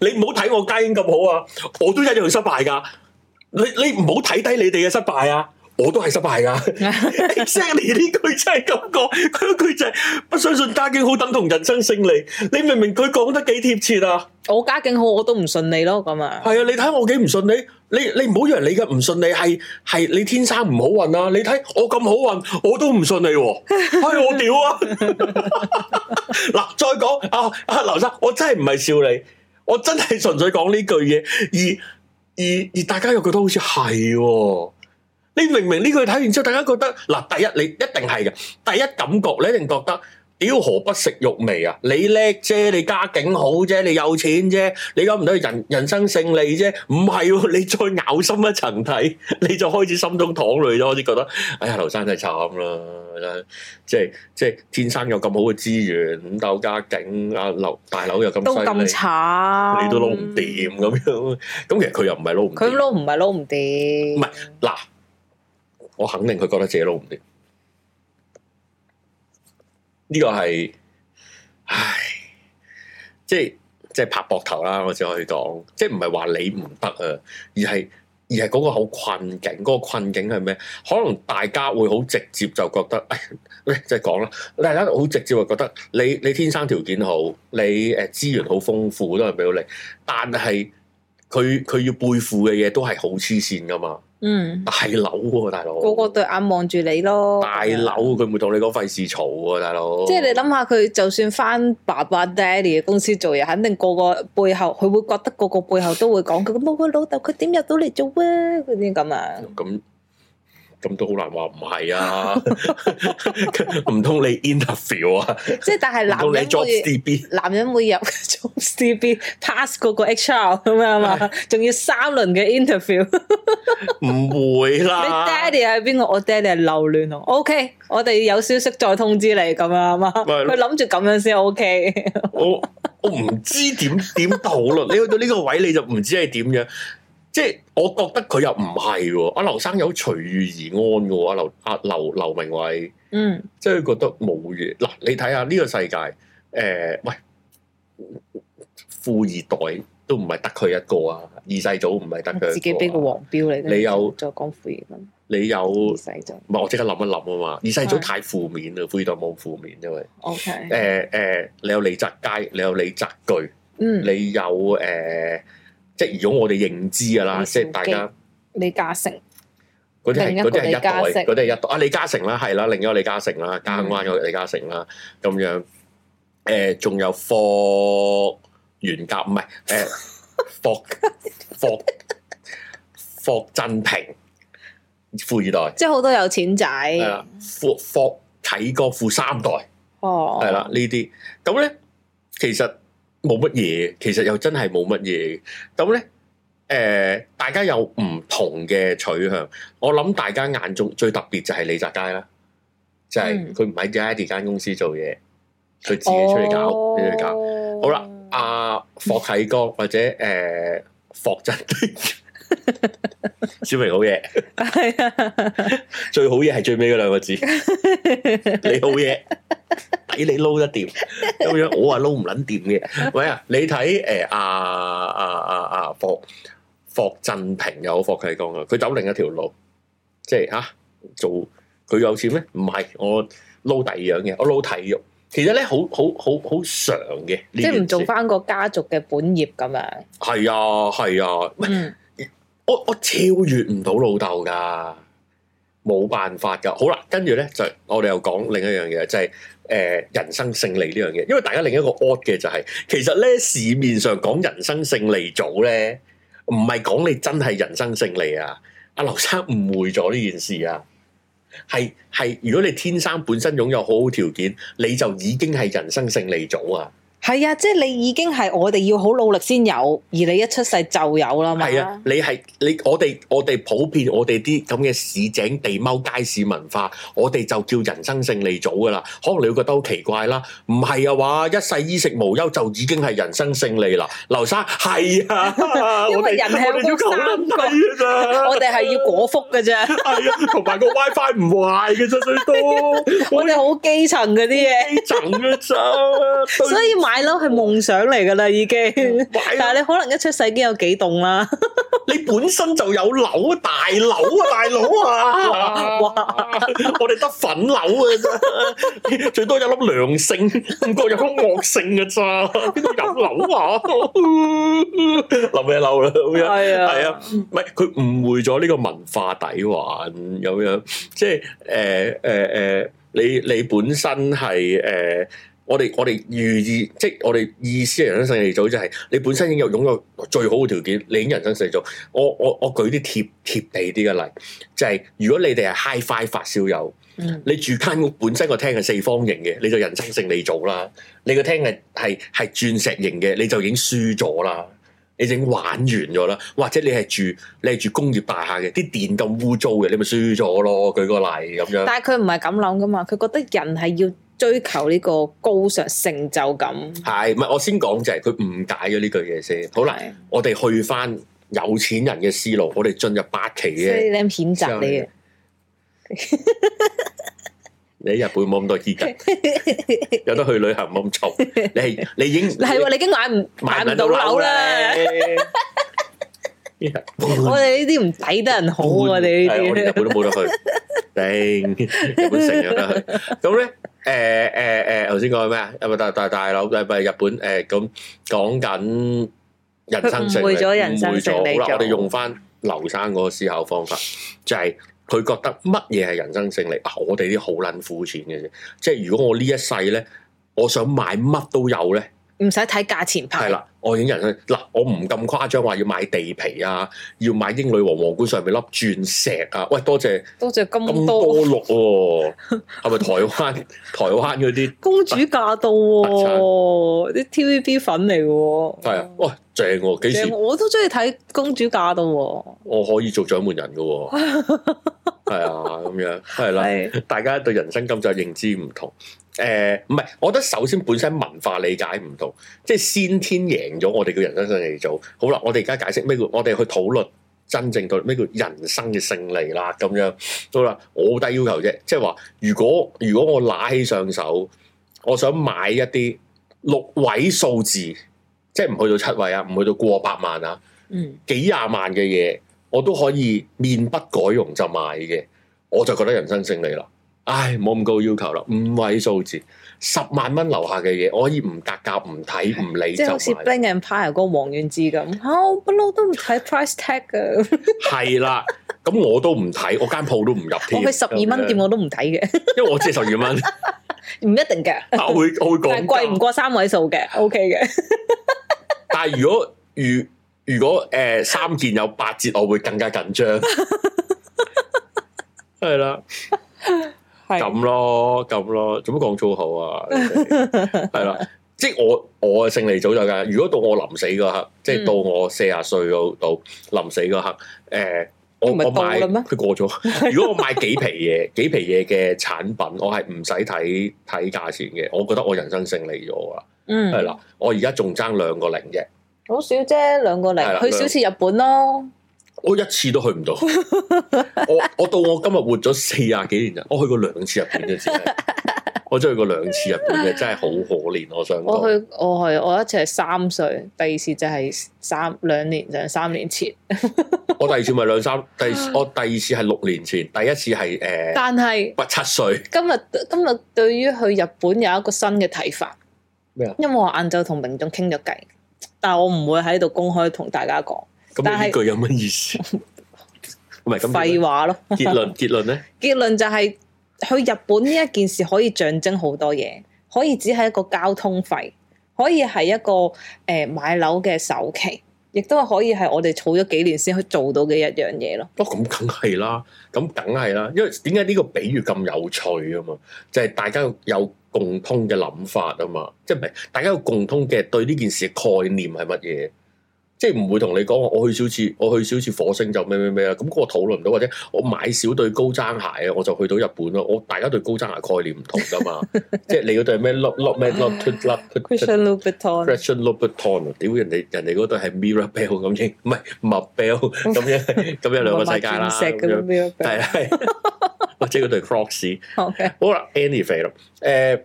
你唔好睇我家境咁好啊，我都一樣失敗噶。你你唔好睇低你哋嘅失敗啊！我都係失敗噶 exactly 呢句真係咁講，佢佢就係不相信家境好等同人生勝利。你明明佢講得幾貼切啊！我家境好，我都唔信你咯，咁啊！係啊，你睇我幾唔信你？你你唔好以為你嘅唔信你，係係你天生唔好運啊。你睇我咁好運，我都唔信你，係我屌啊！嗱， 再講啊啊，劉、啊、生，我真係唔係笑你，我真係純粹講呢句嘢，而而而大家又覺得好似係、哦。你明明呢句睇完之後，大家覺得嗱，第一你一定係嘅，第一感覺你一定覺得，屌何不食肉糜啊？你叻啫，你家境好啫，你有錢啫，你咁唔得人人生勝利啫？唔係喎，你再咬深一層睇，你就開始心中淌淚咗，開始覺得，哎呀，劉生真係慘啦，即係即係天生有咁好嘅資源，咁鬥家境，阿劉大樓又咁都咁慘，你都撈唔掂咁樣，咁其實佢又唔係撈唔，佢撈唔係撈唔掂，唔係嗱。我肯定佢覺得自己撈唔掂，呢個係，唉，即係即係拍膊頭啦，我只可以講，即係唔係話你唔得啊，而係而係嗰個好困境，嗰個困境係咩？可能大家會好直接就覺得，誒即係講啦，大家好直接就覺得你，你你天生條件好，你誒資源好豐富都係俾到你，但係佢佢要背負嘅嘢都係好黐線㗎嘛。嗯，大佬喎，大佬，個個對眼望住你咯，會你吵、啊。大佬，佢唔同你講費事嘈喎，大佬。即係你諗下，佢就算翻爸爸、爹 a 嘅公司做嘢，肯定個個背後，佢會覺得個個背後都會講佢冇個老豆，佢點入到嚟做啊？嗰啲咁啊。嗯嗯嗯咁都好難話唔係啊，唔 通你 interview 啊？即係但係男做 CB，男人會 入 job CB，pass 嗰個 H R 咁樣啊嘛，仲要三輪嘅 interview，唔 會啦。你爹哋係邊個？我爹哋係劉鑾啊。O、okay, K，我哋有消息再通知你咁是樣啊嘛、ok。佢諗住咁樣先 O K。我我唔知點點討論， 你去到呢個位你就唔知係點樣。即係，我覺得佢又唔係喎，阿劉生有隨遇而安嘅喎，阿劉阿劉鳴煒，嗯，即係覺得冇嘢。嗱，你睇下呢個世界，誒、欸，喂，富二代都唔係得佢一個啊，二世祖唔係得佢自己俾個黃標你，你有再講富二代，你有，你有二世祖唔係我即刻諗一諗啊嘛，二世祖太負面啦，的富二代冇負面，因為 O Okay . K、欸。誒、欸、誒，你有李澤楷，你有李澤鉅，嗯，你有誒。嗯嗯即係如果我哋認知噶啦，即係大家李嘉誠嗰啲係啲係一代，嗰啲係一代啊李嘉誠啦，係 啦，另一個李嘉誠啦，加翻咗李嘉誠啦，咁樣誒，仲、呃、有霍元甲唔係誒霍 霍霍震霆富二代，即係好多有錢仔，係啦霍霍啟剛富三代哦，係啦呢啲咁咧，其實。冇乜嘢，其實又真係冇乜嘢。咁咧，誒、呃，大家有唔同嘅取向。我諗大家眼中最特別就係李澤楷啦，就係佢唔喺家爹哋間公司做嘢，佢自己出嚟搞，出嚟、哦、搞。好啦，阿、啊、霍啟剛或者誒、呃、霍震霆。 小明好嘢，係啊，最好嘢係最尾嗰兩個字， 你好嘢，抵你撈得掂咁樣，我話撈唔捻掂嘅， 喂啊，你睇誒，阿阿阿阿霍霍振平有霍啟剛啊，佢走、啊、另一條路，即係吓做佢有錢咩？唔係我撈第二樣嘅，我撈體育，其實咧好好好好常嘅，即係唔做翻個家族嘅本業咁樣，係啊係啊，我我超越唔到老豆噶，冇辦法噶。好啦，跟住咧就我哋又講另一樣嘢，就係、是、誒、呃、人生勝利呢樣嘢。因為大家另一個 odd 嘅就係、是，其實咧市面上講人生勝利組咧，唔係講你真係人生勝利啊。阿劉生誤會咗呢件事啊，係係如果你天生本身擁有好好條件，你就已經係人生勝利組啊。係啊，即係你已經係我哋要好努力先有，而你一出世就有啦嘛。係啊，你係你我哋我哋普遍我哋啲咁嘅市井地踎街市文化，我哋就叫人生勝利組噶啦。可能你會覺得好奇怪啦，唔係啊話一世衣食無憂就已經係人生勝利啦。劉生係啊，我哋人係要求低啊，我哋係要果腹嘅啫，係啊，同埋個 WiFi 唔壞嘅啫，最多我哋好基層嗰啲嘢，基層嘅啫，所以 大樓係夢想嚟噶啦，已經。但係你可能一出世已經有幾棟啦。 你本身就有樓，大樓啊，大佬啊！ 我哋得粉樓啊，啫， 最多有粒良性，唔覺 有粒惡性嘅咋？邊度 有樓啊？冧咩樓啦？咁樣係啊，係、 哎、呀 啊，唔係佢誤會咗呢個文化底蘊咁樣，即係誒誒誒，你你，你本身係誒。呃我哋我哋寓意即係我哋意思係人生勝利組，就係你本身已經有擁有最好嘅條件，你已經人生勝利組。我我我舉啲貼貼地啲嘅例，就係、係、如果你哋係 Hi-Fi 發燒友，嗯、你住間屋本身個廳係四方形嘅，你就人生勝利組啦。你個廳係係係鑽石形嘅，你就已經輸咗啦。你就已經玩完咗啦，或者你係住你係住工業大廈嘅，啲電咁污糟嘅，你咪輸咗咯。舉個例咁樣。但係佢唔係咁諗噶嘛，佢覺得人係要。追求呢個高尚成就感，係唔係？我先講就係佢誤解咗呢句嘢先。好啦，我哋去翻有錢人嘅思路，我哋進入八期嘅。所以你譴責你啊？你日本冇咁多意見，有得去旅行冇咁嘈。你你已經係你已經買唔買唔到樓啦？我哋呢啲唔抵得人好啊！我哋呢啲，我哋日本都冇得去，頂日本城有得去。咁咧？誒誒誒，頭先講咩啊？唔係，欸、大大大佬，唔係日本誒咁，欸、講緊人生勝利。誤會咗人生勝利。好啦了，嗯、我哋用翻劉生嗰個思考方法，就係，是，佢覺得乜嘢係人生勝利啊？我哋啲好撚膚淺嘅啫。即係如果我呢一世咧，我想買乜都有咧。唔使睇價錢牌。係啦，外景人咧嗱，我唔咁誇張話要買地皮啊，要買英女王皇，皇冠上面粒鑽石啊。喂，多謝多謝金多綠喎，係咪、啊、台灣 台灣嗰啲公主嫁到喎、哦？啲產 TVB 粉嚟嘅喎。係啊，喂、啊哦，正喎、啊、幾時？我都中意睇公主嫁到、哦。我可以做掌門人嘅喎、哦。係 啊，咁樣係啦、啊，大家對人生金句認知唔同。誒，唔係、呃，我覺得首先本身文化理解唔同，即係先天贏咗，我哋叫人生勝利組。好啦，我哋而家解釋咩叫，我哋去討論真正對咩叫人生嘅勝利啦。咁樣，好啦，我低要求啫，即係話如果如果我揦起上手，我想買一啲六位數字，即係唔去到七位啊，唔去到過百萬啊，嗯，幾廿萬嘅嘢，我都可以面不改容就買嘅，我就覺得人生勝利啦。唉，冇咁高要求啦，五位數字，十萬蚊樓下嘅嘢，我可以唔格價，唔睇，唔理，即係好似 Bling Empire 個黃遠志咁，吓、哦，我不嬲都唔睇 price tag 噶，係 啦，咁我都唔睇，我間鋪都唔入添，佢十二蚊店的我都唔睇嘅， 因為我只係十二蚊，唔 一定嘅，我會我會講，貴唔過三位數嘅，OK 嘅， 但係如果如如果誒、呃、三件有八折，我會更加緊張，係 啦是的。 咁咯，咁咯，做乜講粗口啊？係啦，即係我我勝利早就噶。如果到我臨死嗰刻，即係到我四十歲嗰度臨死嗰刻，誒，我我買佢過咗。如果我買幾皮嘢，幾皮嘢嘅產品，我係唔使睇睇價錢嘅。我覺得我人生勝利咗啦。嗯，係啦，我而家仲爭兩個零嘅，好少啫，兩個零，去少次日本咯。我一次都去唔到， 我我到我今日活咗四廿幾年咋，我去過兩次日本嘅，我真係去過兩次日本嘅，真係好可憐。我想我，我去，我係我一次係三歲，第二次就係三兩年，兩，就係三年前。 我第二次咪兩三，第我第二次係六年前，第一次係誒，呃、但係八七歲。今日今日對於去日本有一個新嘅睇法，咩啊？因為我晏晝同明總傾咗偈，但我唔會喺度公開同大家講。咁呢句有乜意思？唔係 咁廢話咯。結論 結論咧、就是？結論就係去日本呢一件事可以象徵好多嘢，可以只係一個交通費，可以係一個誒、呃、買樓嘅首期，亦都係可以係我哋儲咗幾年先去做到嘅一樣嘢咯。哦，咁梗係啦，咁梗係啦，因為點解呢個比喻咁有趣啊嘛，就係、是、大家有共通嘅諗法啊嘛，即係唔係大家有共通嘅對呢件事嘅概念係乜嘢？即係唔會同你講我我去少次我去少次火星就咩咩咩啦，咁嗰個討論唔到，或者我買少對高踭鞋啊，我就去到日本咯。我大家對高踭鞋概念唔同㗎嘛，即係你嗰對係咩 To l Christian Louboutin，Christian Louboutin，屌，人哋人哋嗰對係 Mirror Bell 咁樣，唔係 Marbell 咁樣，咁有兩個世界啦。係啊，或者嗰對 Crocs OK，好啦 anyway 肥咯，誒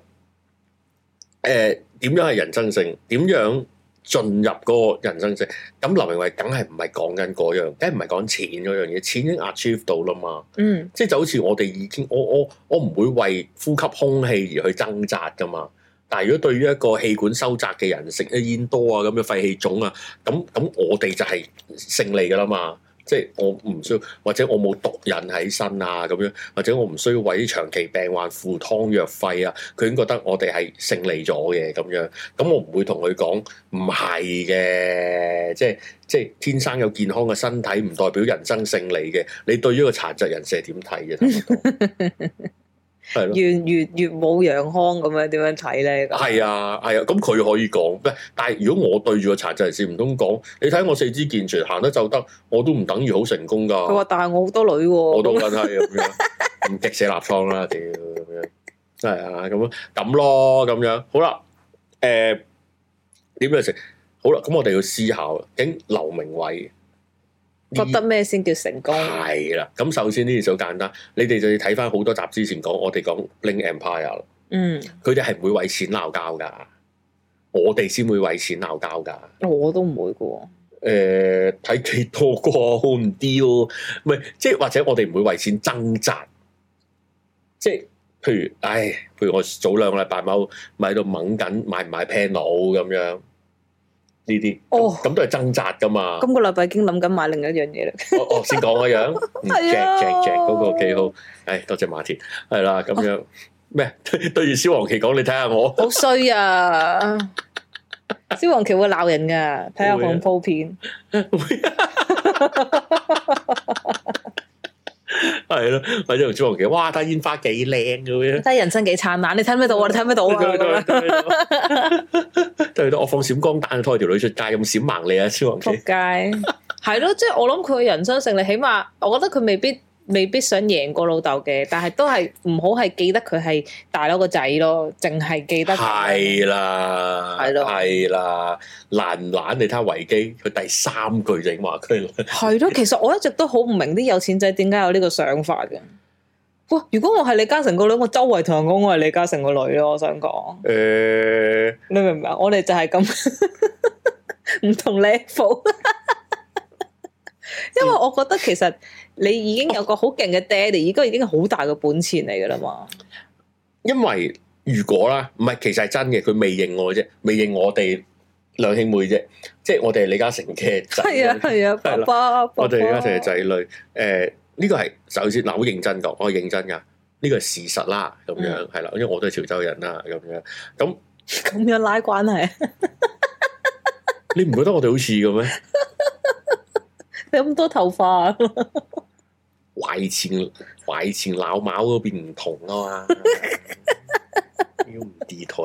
誒點樣係人生性？點樣？進入嗰個人生值，咁劉鳴煒梗係唔係講緊嗰樣，梗係唔係講錢嗰樣嘢，錢已經 achieve 到啦嘛。嗯，即係就好似我哋已經，我我我唔會為呼吸空氣而去掙扎噶嘛。但係如果對於一個氣管收窄嘅人，食得煙多啊，咁樣肺氣腫啊，咁咁我哋就係勝利噶啦嘛。即係我唔需要，或者我冇毒癮喺身啊咁樣，或者我唔需要為啲長期病患付湯藥費啊，佢已經覺得我哋係勝利咗嘅咁樣。咁我唔會同佢講唔係嘅，即係即係天生有健康嘅身體唔代表人生勝利嘅。你對於個殘疾人士係點睇嘅？ 越越越冇養康咁樣，點樣睇咧？係啊，係啊，咁佢可以講，唔但係如果我對住個殘疾人士唔通講，你睇我四肢健全，行得就得，我都唔等於好成功噶。佢話：但係我好多女喎，啊。我都緊係咁樣，唔 激死立瘡啦，屌咁樣，係啊，咁咁咯，咁樣好啦，誒點樣食？好啦，咁、呃、我哋要思考，竟劉鳴煒。覺得咩先叫成功？係啦，咁首先呢件事好簡單，你哋就要睇翻好多集之前講，我哋講《Bling Empire》啦。嗯，佢哋係唔會為錢鬧交噶，我哋先會為錢鬧交噶。我都唔會噶。誒、呃，睇幾多個，好唔咯、哦？唔係，即係或者我哋唔會為錢掙扎。即係，譬如，唉，譬如我早兩個禮拜踎，咪喺度猛緊買唔買 panel 咁樣。呢啲哦，咁、oh, 都係掙扎噶嘛。今個禮拜已經諗緊買另一 樣嘢啦。哦哦，先講個樣，係啊，嗰個幾好。唉，多謝馬田，係啦，咁樣咩？Oh. 什麼 對住蕭黃琪講，你睇下我。好 衰啊！蕭黃琪會鬧人噶，睇下恐怖片。係咯，或者條《侏羅紀》，哇！睇煙花幾靚咁樣，睇人生幾燦爛，你睇唔睇到啊？你睇唔睇到啊？都係到？我放閃光彈拖條女出街咁閃盲你啊！《侏羅紀》撲街，係咯，即係我諗佢嘅人生勝利，起碼，我覺得佢未必。未必想贏過老豆嘅，但係都係唔好係記得佢係大佬個仔咯，淨係記得係啦，係咯，係啦，難難！你睇下維基，佢第三句就話佢係咯。其實我一直都好唔明啲有錢仔點解有呢個想法嘅。哇！如果我係李嘉誠個女，我周圍同人講我係李嘉誠個女咯。我想講，誒，你明唔明啊？我哋就係咁唔同 level，因為我覺得其實。你已經有個好勁嘅爹哋，而家已經好大嘅本錢嚟嘅啦嘛。因為如果啦，唔係其實係真嘅，佢未認我啫，未認我哋兩兄妹啫。即係我哋係李嘉誠嘅仔，係啊係啊，爸爸，爸爸我哋李嘉誠嘅仔女。誒、呃、呢、這個係首先，嗱，好認真講，我認真噶，呢、這個係事實啦咁樣係啦，嗯、因為我都係潮州人啦咁樣咁咁樣，樣拉關係， 你唔覺得我哋好似咁咩？ 你咁多頭髮。 懷前懷前老貓嗰邊唔同啊嘛， 要唔地台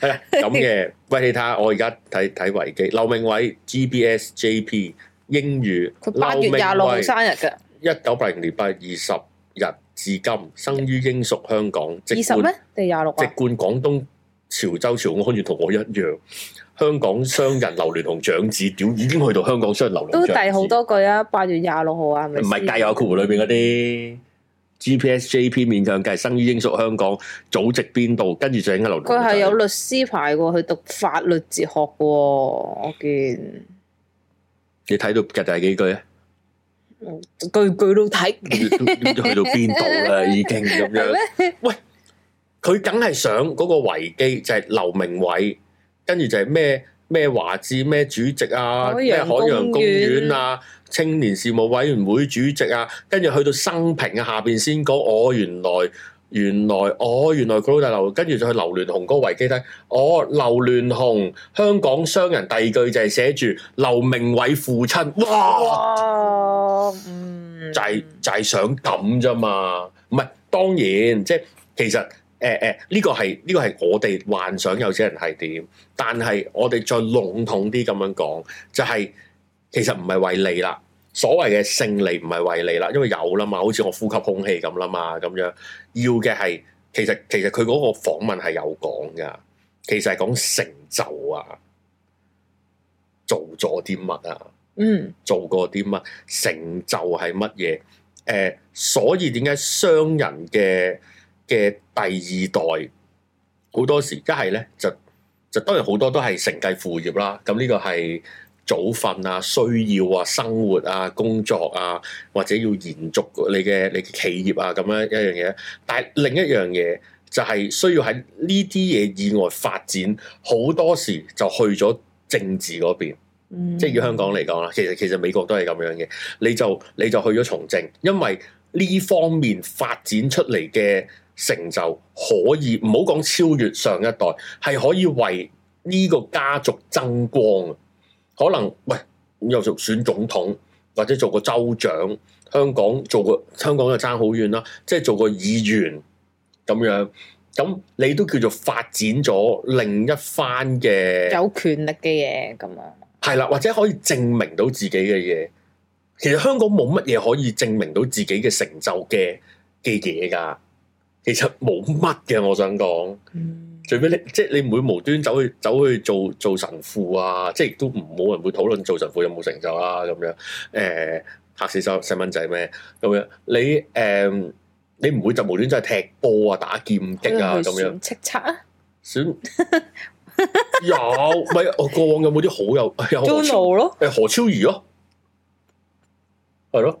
係咁嘅。喂，你睇下我而家睇睇維基，劉鳴煒 G B S J P 英語。佢八月廿六生日嘅，一九八零年八月二十日，日至今，生於英屬香港，二十咩？第廿六、啊。籍貫廣東潮州，潮我好似同我一樣。香港商人劉鑾雄長子，屌，已經去到香港商人劉鑾雄長子都第好多句啊！八月廿六號啊，唔係計有括弧裏邊嗰啲 G P S J P 面向計，係生於英屬香港，祖籍邊度？跟住就應該劉鑾雄。佢係有律師牌喎，佢讀法律哲學嘅，我見你睇到第第幾句啊？句句都睇，去到邊度啦？已經咁樣。喂，佢梗係想嗰個維基，就係劉鳴煒。跟住就係咩咩華智咩主席啊，咩海洋公園啊，青年事務委員會主席啊，跟住去到生平下邊先講，我、哦、原來原來我、哦、原來佢老豆劉，跟住就去劉鑾雄哥維基睇我，劉鑾雄香港商人第二句就係寫住劉鳴煒父親，哇，哇嗯、就係、是、就係、是、想咁啫嘛，唔係當然即係其實。誒誒，呢、呃這個係呢、這個係我哋幻想有錢人係點，但係我哋再籠統啲咁樣講，就係、是、其實唔係為利啦，所謂嘅勝利唔係為利啦，因為有啦嘛，好似我呼吸空氣咁啦嘛，咁樣要嘅係其實其實佢嗰個訪問係有講㗎，其實係講成就啊，做咗啲乜啊，嗯，做過啲乜成就係乜嘢？誒、呃，所以點解商人嘅？嘅第二代好多時一係咧就就當然好多都係承繼父業啦，咁呢個係祖訓啊、需要啊、生活啊、工作啊，或者要延續你嘅你嘅企業啊咁樣一樣嘢。但係另一樣嘢就係需要喺呢啲嘢以外發展，好多時就去咗政治嗰邊，嗯、即係以香港嚟講啦。其實其實美國都係咁樣嘅，你就你就去咗從政，因為呢方面發展出嚟嘅。成就可以唔好講超越上一代，係可以為呢個家族爭光，可能喂，又做選總統或者做個州長，香港做個香港就爭好遠啦。即係做個議員咁樣，咁你都叫做發展咗另一番嘅有權力嘅嘢，咁樣係啦，或者可以證明到自己嘅嘢。其實香港冇乜嘢可以證明到自己嘅成就嘅嘅嘢噶。其實冇乜嘅，我想講，嗯、最尾你即係你唔會無端走去走去做做神父啊，即係亦都冇人會討論做神父有冇成就啊。咁樣誒吓、呃、死細細蚊仔咩咁樣？你誒、呃、你唔會就無端真係踢波啊、打劍擊啊咁樣？叱咤啊？選船 有咪？我過往有冇啲好友有有？Juno 咯，誒、欸、何超儀咯、啊，係咯。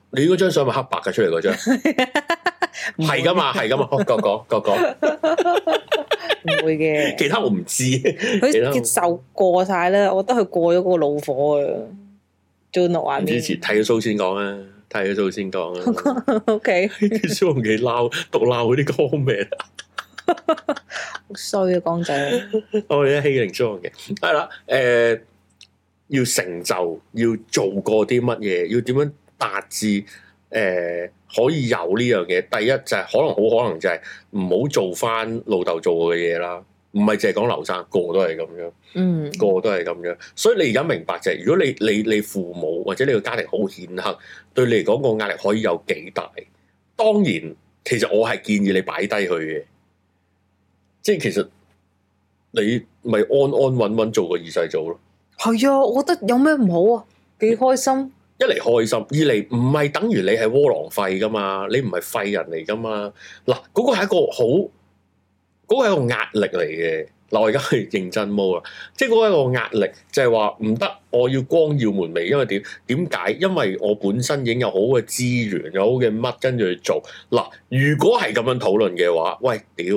你嗰張相係黑白嘅出嚟嗰張，係噶 嘛？係噶嘛？各講各講唔會嘅。其他我唔知，佢接受過晒啦， 我覺得佢過咗嗰個老火嘅。Joan 話、啊：唔支持，睇咗數先講啊，睇咗數先講啊。OK，蘇宏基鬧，獨鬧嗰啲歌咩？好衰啊，江仔！我哋一希嘅蘇嘅基係啦，誒、嗯 呃，要成就，要做過啲乜嘢？要點樣？達至誒、呃、可以有呢樣嘢，第一就係、是、可能好可能就係唔好做翻老豆做嘅嘢啦，唔係淨係講劉生，個個都係咁樣，嗯、個個都係咁樣。所以你而家明白就係、是，如果你你你父母或者你個家庭好顯赫，對你嚟講個壓力可以有幾大？當然，其實我係建議你擺低佢嘅，即係其實你咪安安穩穩做個二世祖咯。係啊，我覺得有咩唔好啊？幾開心。一嚟開心，二嚟唔係等於你係窩囊廢噶嘛，你唔係廢人嚟噶嘛。嗱，嗰個係一個好，嗰個係一個壓力嚟嘅。嗱，我而家係認真冇啦，即係嗰個係一個壓力就係話唔得，我要光耀門楣，因為點？點解？因為我本身已經有好嘅資源，有好嘅乜，跟住去做。嗱，如果係咁樣討論嘅話，喂，屌！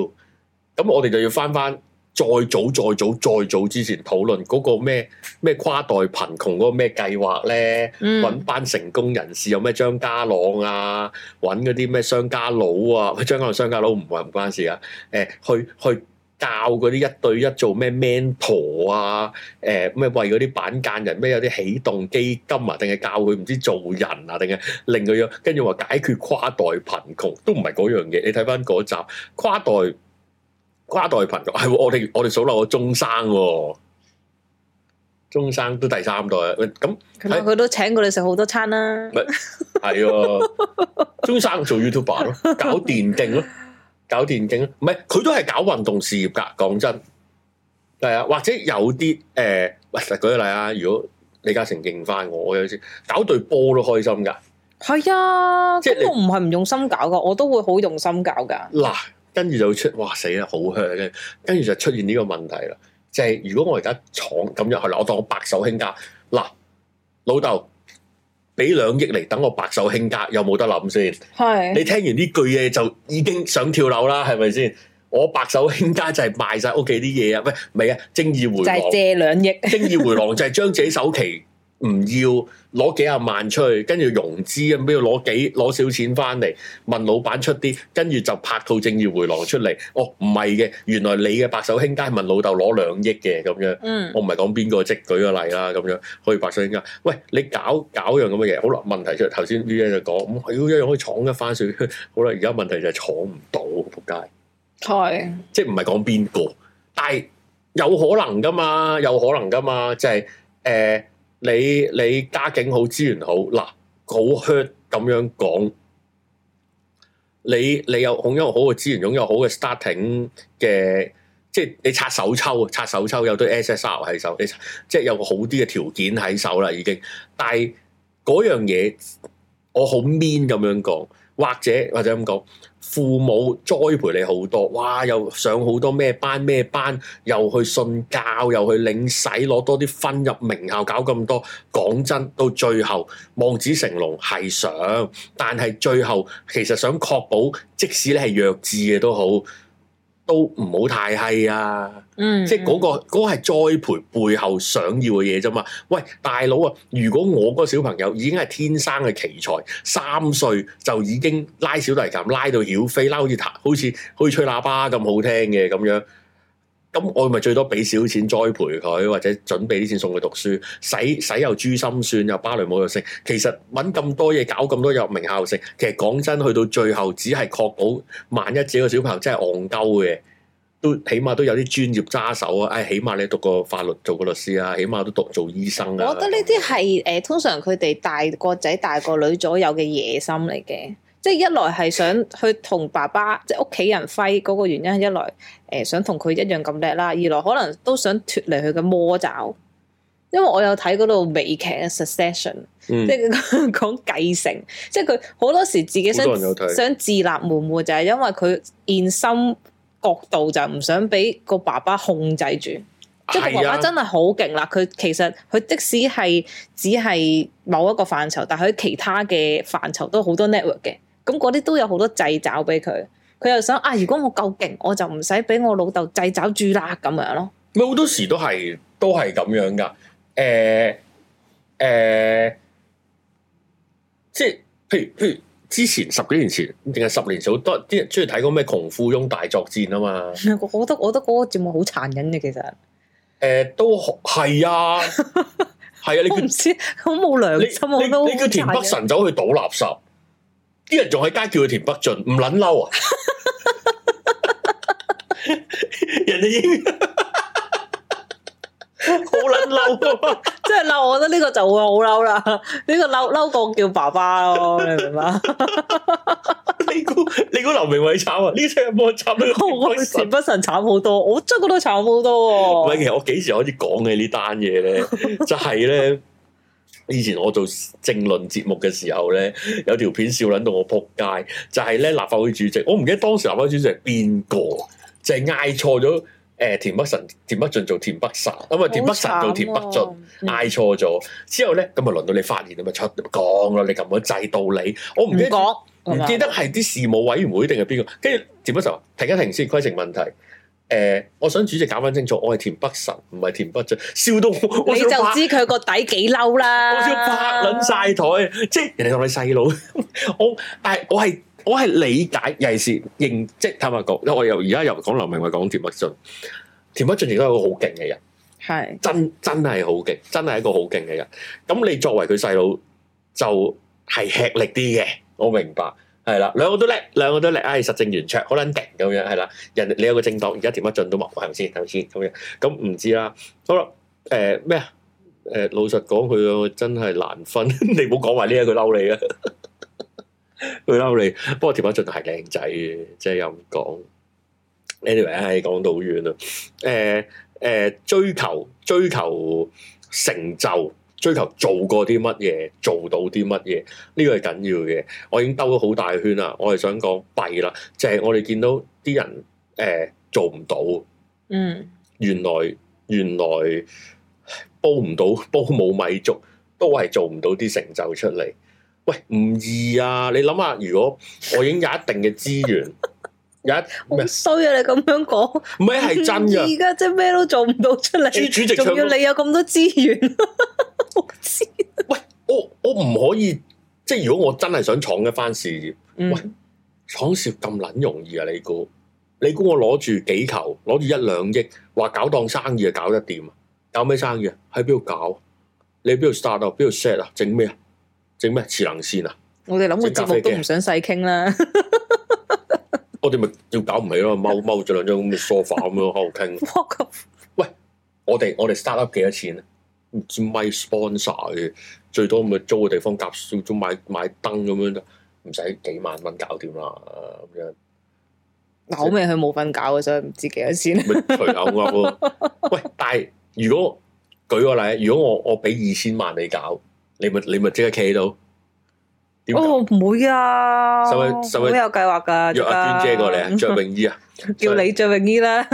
咁我哋就要翻翻。再早再早再早之前討論嗰個咩咩跨代貧窮嗰個咩計劃咧，揾班、嗯、成功人士有咩張家朗啊，揾嗰啲咩商家佬啊，張家朗商家佬唔係唔關事啊，誒、啊欸、去去教嗰啲一對一做咩 mentor 啊，誒、欸、咩為嗰啲板間人咩有啲起動基金啊，定係教佢唔知做人啊，定係令佢樣，跟住話解決跨代貧窮都唔係嗰樣嘢，你睇翻嗰集跨代。瓜代朋友係，我哋我哋數落阿鐘生、哦，鐘生都第三代咁。佢都請過你食好多餐啦。唔係，係鐘生做 YouTuber 咯，搞電競咯，搞電競咯。唔係，佢都係搞運動事業噶。講真，係啊，或者有啲誒，喂、呃哎，舉個例啊，如果李嘉誠認翻我，我有錢搞對波都開心噶。係啊，即係我唔係唔用心搞噶，我都會好用心搞噶。嗱、啊。跟住就會出，哇死啦，好香！跟住就出現呢個問題啦，就係、是、如果我而家闖咁入去啦，我當我白手興家嗱，老豆俾兩億嚟等我白手興家，有冇得諗先？係是你聽完呢句嘢就已經想跳樓啦，係咪先？我白手興家就係賣晒屋企啲嘢啊，唔係未啊？正義回廊就係借兩億， 正義回廊就係將自己首期。唔要攞幾廿萬出去，跟住融資咁，邊度攞幾攞少錢翻嚟？問老闆出啲，跟住就拍套正義回廊出嚟。哦，唔係嘅，原來你嘅白手興家問老豆攞兩億嘅咁樣。嗯，我唔係講邊個即舉個例啦，咁樣可以白手興家。喂，你搞搞樣咁嘅嘢，好啦，問題出嚟。頭先，B 姐就講，妖一樣可以闖一番水。好啦，而家問題就係闖唔到仆街，係、哎、即唔係講邊個？但係有可能噶嘛，有可能噶嘛，即係誒。呃你你家境好，資源好嗱，好 hurt 咁樣講，你你有擁有好嘅資源，擁有好嘅 starting 嘅，即係你拆手抽啊，拆手抽有對 SSR 喺手，你即係有個好啲嘅條件喺手啦，已經。但係嗰樣嘢，我好 mean 咁樣講，或者或者咁講。父母栽培你好多，哇！又上好多咩班咩班，班又去信教，又去領洗攞多啲分入名校，搞咁多。講真，到最後望子成龍係想，但係最後其實想確保，即使你係弱智嘅都好。都唔好太欺啊！嗯嗯，即係嗰個嗰個係栽培背後想要嘅嘢啫嘛。喂，大佬啊，如果我個小朋友已經係天生嘅奇才，三歲就已經拉小提琴拉到曉飛，拉好似彈好似好似吹喇叭咁好聽嘅咁樣。咁我咪最多俾少錢栽培佢，或者準備啲錢送佢讀書，使使又珠心算又芭蕾舞又識，其實揾咁多嘢搞咁多入名校識，其實講真去到最後，只係確保萬一自己個小朋友真係戇鳩嘅，都起碼都有啲專業揸手啊！誒、哎，起碼你讀個法律做個律師啊，起碼都讀做醫生、啊。我覺得呢啲係誒，通常佢哋大個仔大個女左右嘅野心嚟嘅。 即係一來係想去同爸爸，即係屋企人揮嗰個原因；一來誒、呃、想同佢一樣咁叻啦；二來可能都想脫離佢嘅魔爪。因為我有睇嗰套美劇《Succession》，嗯，即係講繼承，即係佢好多時自己想想自立門戶，就係因為佢現心角度就唔想俾個爸爸控制住。即係個爸爸真係好勁啦！佢其實佢即使係只係某一個範疇，但係佢其他嘅範疇都好多 network 嘅。咁嗰啲都有好多掣爪俾佢，佢又想啊！如果我夠勁，我就唔使俾我老豆掣爪住啦，咁樣咯。好多時都係都係咁樣噶，誒誒，即係譬如譬如之前十幾年前，定係十年數多啲人中意睇過咩窮富翁大作戰啊嘛。我覺得我覺得嗰個節目好殘忍嘅，其實。誒，都係啊，係啊，你唔知好冇良心，我都你叫田北辰走去倒垃圾。啲人仲喺街叫佢田北俊，唔撚嬲啊！ 人哋已經好撚嬲，即係嬲！我覺得呢個就會好嬲啦，呢、這個嬲嬲過叫爸爸咯、喔，你明唔明？ 你估你估劉鳴煒慘啊？呢出嘢播慘啦！田北辰慘好多，我真覺得慘好多。唔係，其實我幾時開始講嘅呢單嘢咧？就係、是、咧。 以前我做政論節目嘅時候咧，有條片笑捻到我撲街，就係、是、咧立法會主席，我唔記得當時立法會主席係邊個，就係嗌錯咗誒，田北辰、田北俊做田北辰，咁啊田北辰做田北俊，嗌錯咗之後咧，咁啊輪到你發言啊，咪出講咯，你撳個制道理，我唔記得，唔記得係啲事務委員會定係邊個，跟住田北辰話停一停先，規程問題。誒、呃，我想主席搞翻清楚，我係田北辰，唔係田北俊。笑到你就知佢個底幾嬲啦！我仲拍捻晒台，即係人哋當你細佬。我但係我係我係理解，尤其是認即係坦白講，因為我由而家由講劉鳴，咪講田北俊。田北俊亦都係一個好勁嘅人，係是真真係好勁，真係一個好勁嘅人。咁你作為佢細佬，就係、是、吃力啲嘅。我明白。係啦，兩個都叻，兩個都叻，唉，實政完場，好撚勁咁樣，係啦。人你有個政黨，而家田北俊都冇，係咪先，係唔先咁樣。咁唔知啦。好啦，誒咩啊？誒、呃，老實講，佢真係難分。 你唔好講話呢一句嬲你啦，佢嬲你。都不過田北俊係靚仔嘅，即係又講，anyway 係講到好遠啦。誒、呃、誒、呃，追求追求成就。追求做過啲乜嘢，做到啲乜嘢，呢個係緊要嘅。我已經兜咗好大圈啦，我係想講弊啦，就係、是、我哋見到啲人誒、呃、做唔到，嗯，原來原來煲唔到煲冇米粥，都係做唔到啲成就出嚟。喂，唔易啊！你諗下，如果我已經有一定嘅資源。 好衰麼啊！你咁樣講，咩係真嘅。而家即係咩都做唔到出嚟。朱主席仲要你有咁多資源。 我知喂，我我唔可以，即係如果我真係想創一番事業，嗯、喂，創事咁捻容易啊？你估？你估我攞住幾球？攞住一兩億，話搞檔生意啊，搞得掂啊？搞咩生意啊？喺邊度搞？你邊度 start 啊？邊度 set 啊？整咩？整咩？磁能綫啊？我哋諗個節目都唔想細傾啦。 我哋咪要搞唔起咯，踎踎住兩張咁嘅 sofa 咁樣喺度傾。 喂，我哋我哋 startup 幾多錢啊？唔知咪 sponsor 最多咪租個地方夾少少買買燈咁樣，唔使幾萬蚊搞掂啦咁樣。嗱，好明佢冇瞓覺嘅，所以唔知幾多錢。除牛角咯。 喂，但係如果舉個例，如果我我俾二千萬你搞，你咪你咪即刻企喺度？哦，唔會啊！我都有計劃㗎，約阿娟姐過嚟，着泳衣啊，叫你着泳衣啦。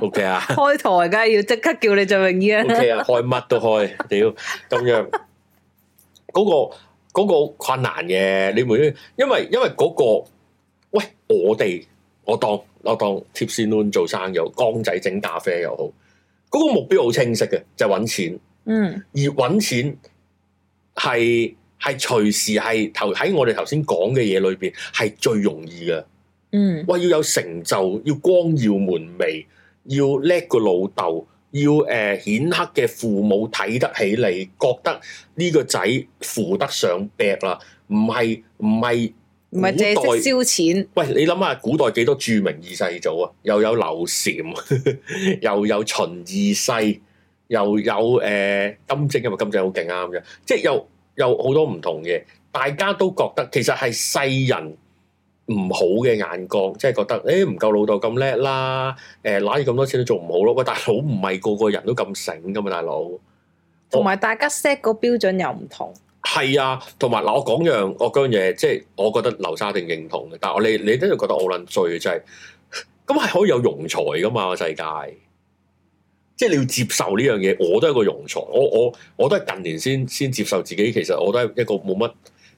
OK 啊，開台梗係要即刻叫你着泳衣啊。OK 啊，開乜都開，屌咁樣。嗰個嗰個困難嘅，你唔會，因為因為嗰個喂我哋我當我當貼線 oon 做生意，江仔整咖啡又好，嗰個目標好清晰嘅，就係揾錢。嗯，而揾錢係。係隨時係頭喺我哋頭先講嘅嘢裏邊係最容易嘅，嗯，喂要有成就要光耀門楣，要叻個老豆，要誒顯赫嘅父母睇得起你，覺得呢個仔扶得上壁啦，唔係唔係淨係識燒錢？喂，你諗下古代幾多著名二世祖啊？又有劉禪， 又有秦二世，又有誒、呃、金正。因為金正好勁啱咁即係又。有好多唔同嘅，大家都覺得其實係世人唔好嘅眼光，即係覺得誒唔、欸、夠老豆咁叻啦，誒攞住咁多錢都做唔好咯。喂，大佬唔係個個人都咁醒噶嘛，大佬。同埋大家 set 個標準又唔同。係啊，同埋嗱，我講樣我嗰樣嘢，即係我覺得劉沙定認同嘅，但係我你你都係覺得我撚最就係咁係可以有容才噶嘛，個世界。即係你要接受呢樣嘢，我都係一個庸才。我我我都係近年先先接受自己，其實我都係一個冇乜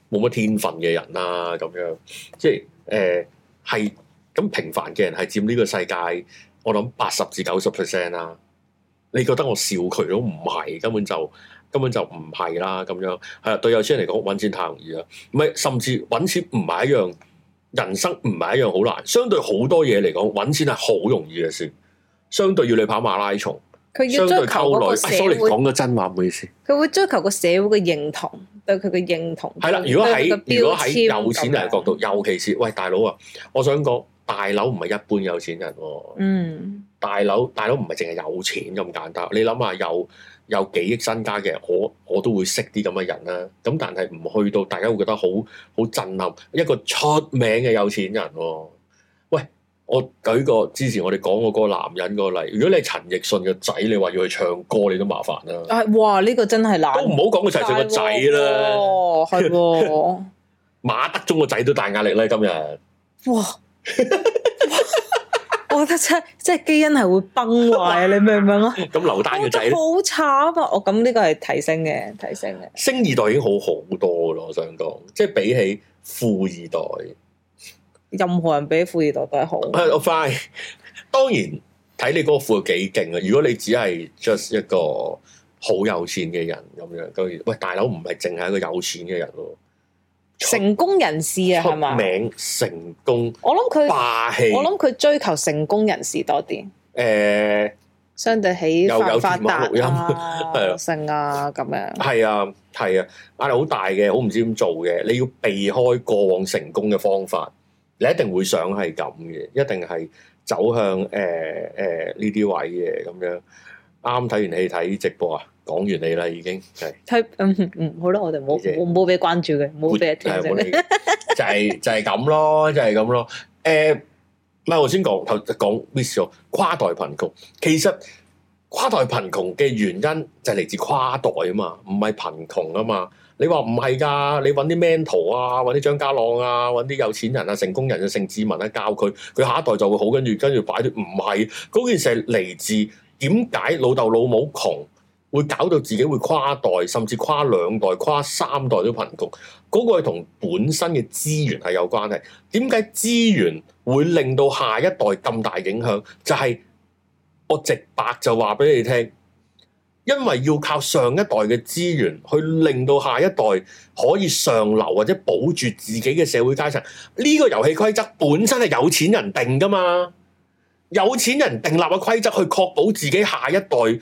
冇乜天分嘅人啦、啊。咁樣即係誒係咁平凡嘅人係佔呢個世界，我諗八十至九十 percent 啦。你覺得我笑佢都唔係，根本就根本就唔係啦。咁樣係啦，對有錢人嚟講，搵錢太容易啦。唔係，甚至搵錢唔係一樣，人生唔係一樣好難。相對好多嘢嚟講，搵錢係好容易嘅事。相對要你跑馬拉松。佢要溝女、哎。Sorry，講咗真話，唔好意思。佢會追求個社會嘅認同，對佢嘅認同係啦。如果喺如果喺有錢人角度，這樣 尤其是喂大佬啊，我想講，大佬唔係一般有錢人、啊。嗯，大佬大佬唔係淨係有錢咁簡單。你諗下有有幾億身家嘅我，我都會識啲咁嘅人啦、啊。咁但係唔去到，大家會覺得好好震撼，一個出名嘅有錢人、啊。我舉個之前我哋講過嗰個男人個例，如果你係陳奕迅嘅仔，你話要去唱歌，你都麻煩啦。但係哇，呢個真係難。都唔好講個陳奕迅個仔啦。係。馬德鐘個仔都大壓力咧，今日。哇！我覺得即即基因係會崩壞， 你明唔明啊？咁劉、嗯、丹個仔好慘啊！我咁呢個係提升嘅，提升嘅。星二代已經好好多咯，相當即係比起富二代。任何人俾富二代都係好、啊，係 fine，當然睇你嗰個富幾勁啊！如果你只係 just 一個好有錢嘅人咁樣，當然喂，大佬唔係淨係一個有錢嘅人咯。成功人士啊，係嘛名？名吧成功，我諗佢霸氣氣，我諗佢追求成功人士多啲。誒、哎，相對起有有錢錄音啊，性 的啊咁、啊啊啊啊、樣。係 啊，係啊，壓力好大嘅，我唔知點做嘅。你要避開過往成功嘅方法。你一定會想係咁嘅，一定係走向誒誒呢啲位嘅咁樣。啱睇完戲睇直播啊，講完你啦已經。睇、嗯嗯、好啦，我哋冇我冇俾關注嘅，冇俾人聽就係、是、就係、是、咁咯，就係、是、咁咯。誒、呃，唔係頭先講頭講 miss 咗跨代貧窮。其實跨代貧窮嘅原因就係嚟自跨代啊嘛，唔係貧窮啊嘛。你話唔係㗎？你揾啲 mentor 啊，揾啲張家朗啊，揾啲有錢人啊、成功人啊、盛智文啊教佢，佢下一代就會好。跟住跟住擺脫唔係嗰件事嚟自點解老豆老母窮會搞到自己會跨代，甚至跨兩代、跨三代都貧窮？嗰、那個係同本身嘅資源係有關係。點解資源會令到下一代咁大影響？就係、是、我直白就話俾你聽。因為要靠上一代嘅資源去令到下一代可以上流或者保住自己嘅社會階層，呢個遊戲規則本身係有錢人定噶嘛，有錢人定立嘅規則去確保自己下一代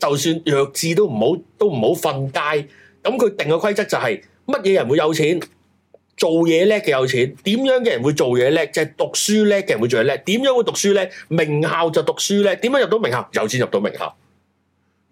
就算弱智都唔好都唔好瞓街，咁佢定嘅規則就係乜嘢人會有錢，做嘢叻嘅有錢，點樣嘅人會做嘢叻？即係讀書叻嘅人會做嘢叻，點樣會讀書叻？名校就讀書叻，點樣入到名校？有錢入到名校。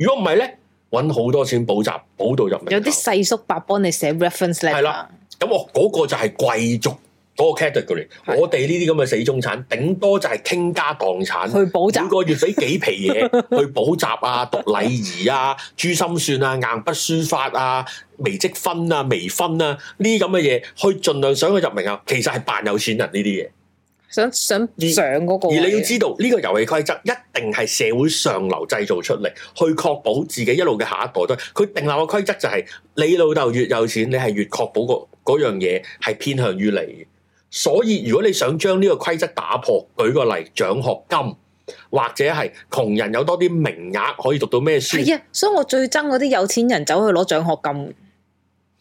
如果唔係咧，揾好多錢補習，補到入名。有啲細叔伯幫你寫 reference letter 係啦，咁我嗰個就係貴族嗰個 category。的我哋呢啲咁嘅死中產，頂多就係傾家蕩產去補習， 每個月俾幾皮嘢去補習啊，讀禮儀啊，珠 心算啊，硬筆書法啊，微積分啊，微分啊，呢啲咁嘅嘢，去盡量想去入名啊，其實係扮有錢人呢啲嘢。想，想想上嗰個而，而你要知道呢個遊戲規則一定係社會上流製造出嚟，去確保自己一路嘅下一代都，佢定立個規則就係，你老豆越有錢，你係越確保個嗰樣嘢係偏向於你。所以如果你想將呢個規則打破，舉個例，獎學金或者係窮人有多啲名額可以讀到咩書？係啊，所以我最憎嗰啲有錢人走去攞獎學金。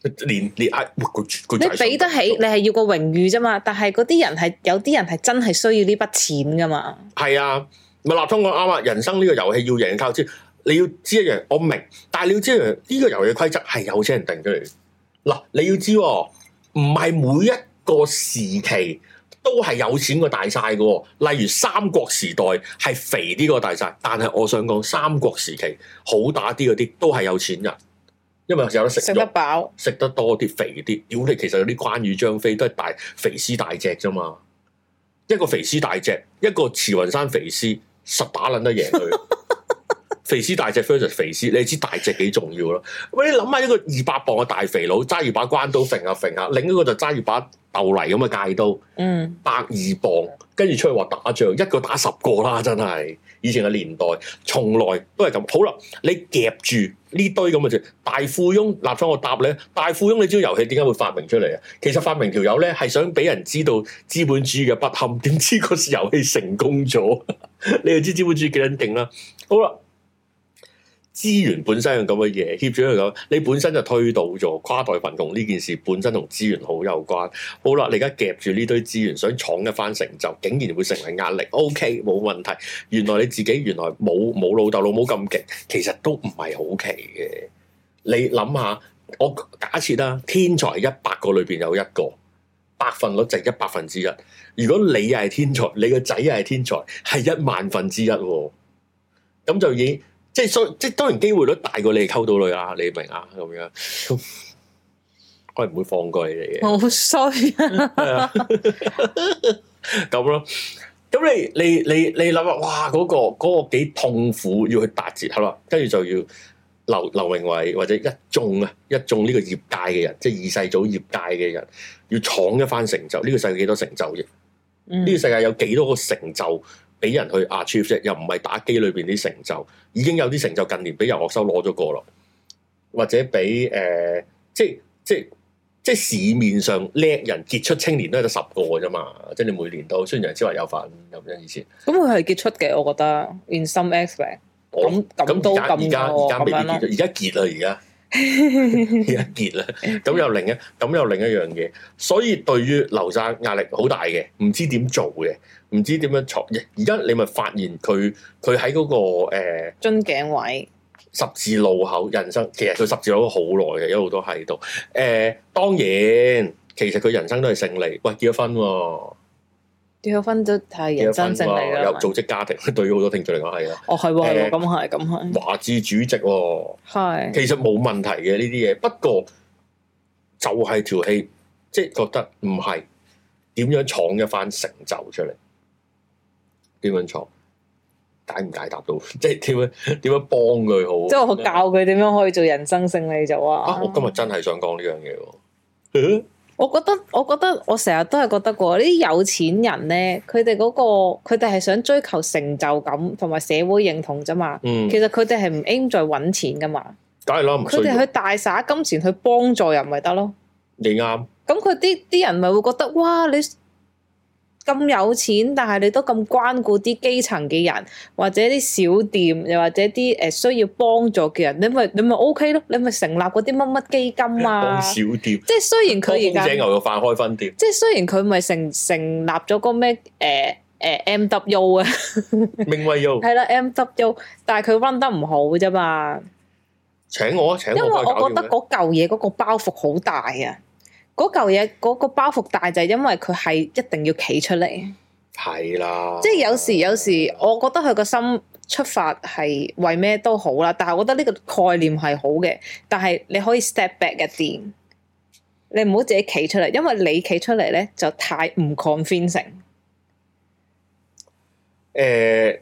連連嗌，你俾得起，嗯、你係要個榮譽啫嘛？但係嗰啲人係有啲人係真係需要呢筆錢噶嘛？係啊，咪、嗯、立通講啱啊！人生呢個遊戲要贏靠錢，你要知一樣，我明，但係你要知一樣，呢、這個遊戲規則係有錢人定出嚟。嗱、啊，你要知喎、哦，唔係每一個時期都係有錢個大晒噶、哦。例如三國時代係肥啲個大晒，但係我想講三國時期好打啲嗰啲都係有錢人。因為有得食，食得飽，食得多啲肥啲。屌你，其實有啲關羽張飛都係大肥屍大隻啫嘛。一個肥屍大隻，一個慈雲山肥屍，十打撚得贏佢。肥屍大隻 versus 肥屍，你知大隻幾重要咯？喂，你諗下一個二百磅嘅大肥佬揸住把關刀，揈下揈下，另一個就揸住把豆泥咁嘅戒刀，嗯，百二磅，跟住出去話打仗，一個打十個啦，真係。以前嘅年代從來都係咁。好啦，你夾住。呢堆咁嘅嘢，大富翁立咗個答咧，大富翁你知道遊戲點解會發明出嚟啊？其實發明條友咧係想俾人知道資本主義嘅不堪，點知嗰時遊戲成功咗， 你就知資本主義幾穩定啦。好啦。資源本身係咁嘅嘢，keep 住佢咁，你本身就推倒咗跨代貧窮呢件事本身同資源好有關。好啦，你而家夾住呢堆資源想闖一番成就，竟然會成為壓力。OK，冇問題。原來你自己原來冇冇老豆老母咁勁，其實都唔係好奇嘅。你諗下，我假設啦、啊，天才一百個裏邊有一個，百分率就係一百分之一。如果你又係天才，你個仔又係天才，係一萬分之一、啊。咁就已。即係當然機會率大過你溝到女啦，你明啊？咁樣， 我係唔會放過你哋嘅。好衰啊！咁咯， 咁你你你你諗下？哇，嗰個嗰個幾痛苦，要去達至係嘛？跟住就要劉劉鳴煒或者一眾啊，一眾呢個業界嘅人，即係二世祖業界嘅人，要闖一番成就。呢個世界幾多成就啫？呢個世界有幾多個成就？俾人去 Achieve 啫，又唔係打機裏邊啲成就，已經有啲成就。近年俾游獲收攞咗個咯，或者俾誒、呃，即係即係即係市面上叻人傑出青年都得十個啫嘛。即係你每年都雖然楊子華有份，有唔有以前？咁佢係傑出嘅，我覺得。In some aspect，咁咁都咁多，而家而家而家傑啦，而家而家傑啦。咁又另一咁又另一樣嘢，所以對於劉澤壓力好大嘅，唔知點做嘅。唔知點樣創而而家你咪發現佢佢喺嗰個誒樽頸位十字路口人生，其實佢十字路口好耐嘅，一路都喺度。誒、呃，當然其實佢人生都係勝利，喂，結咗婚，結咗婚都係人生勝利啦。的有組織家庭， 對於好多聽眾嚟講係咯，哦係喎，咁係咁係。華置、欸、主席係、哦，的其實冇問題嘅呢啲嘢，不過就係條氣，即、就、係、是、覺得唔係點樣闖一番成,成就出嚟。點樣錯解唔解答到，即係點樣點樣幫佢好？即係我教佢點樣可以做人生勝利就話，啊。啊！我今日真係想講呢樣嘢。嗯， 我覺得，我覺得，我成日都係覺得過。呢啲有錢人咧，佢哋嗰個，佢哋係想追求成就感同埋社會認同啫嘛。嗯，其實佢哋係唔 aim 在搵錢噶嘛。梗係啦，佢哋去大灑金錢去幫助人咪得咯。你啱對。咁佢啲啲人咪會覺得哇你？咁有錢，但係你都咁關顧啲基層嘅人，或者啲小店，又或者啲誒、呃、需要幫助嘅人，你咪你咪 O K 咯，你咪、OK、成立嗰啲乜乜基金啊？幫小店，即係雖然佢而家牛肉飯開分店，即係雖然佢咪成成立咗個咩誒誒 M W 啊 ，鳴煒，係啦 M W，但係佢 run 得唔好啫嘛。請我啊，請我，因為我覺得嗰舊嘢嗰個包袱好大啊。嗰嚿嘢嗰個包袱大就係因為佢係一定要企出嚟，係啦。即係有時有時，有時我覺得佢個心出發係為咩都好啦，但係我覺得呢個概念係好嘅。但係你可以 step back 一啲，你唔好自己企出嚟，因為你企出嚟咧就太唔 convincing。誒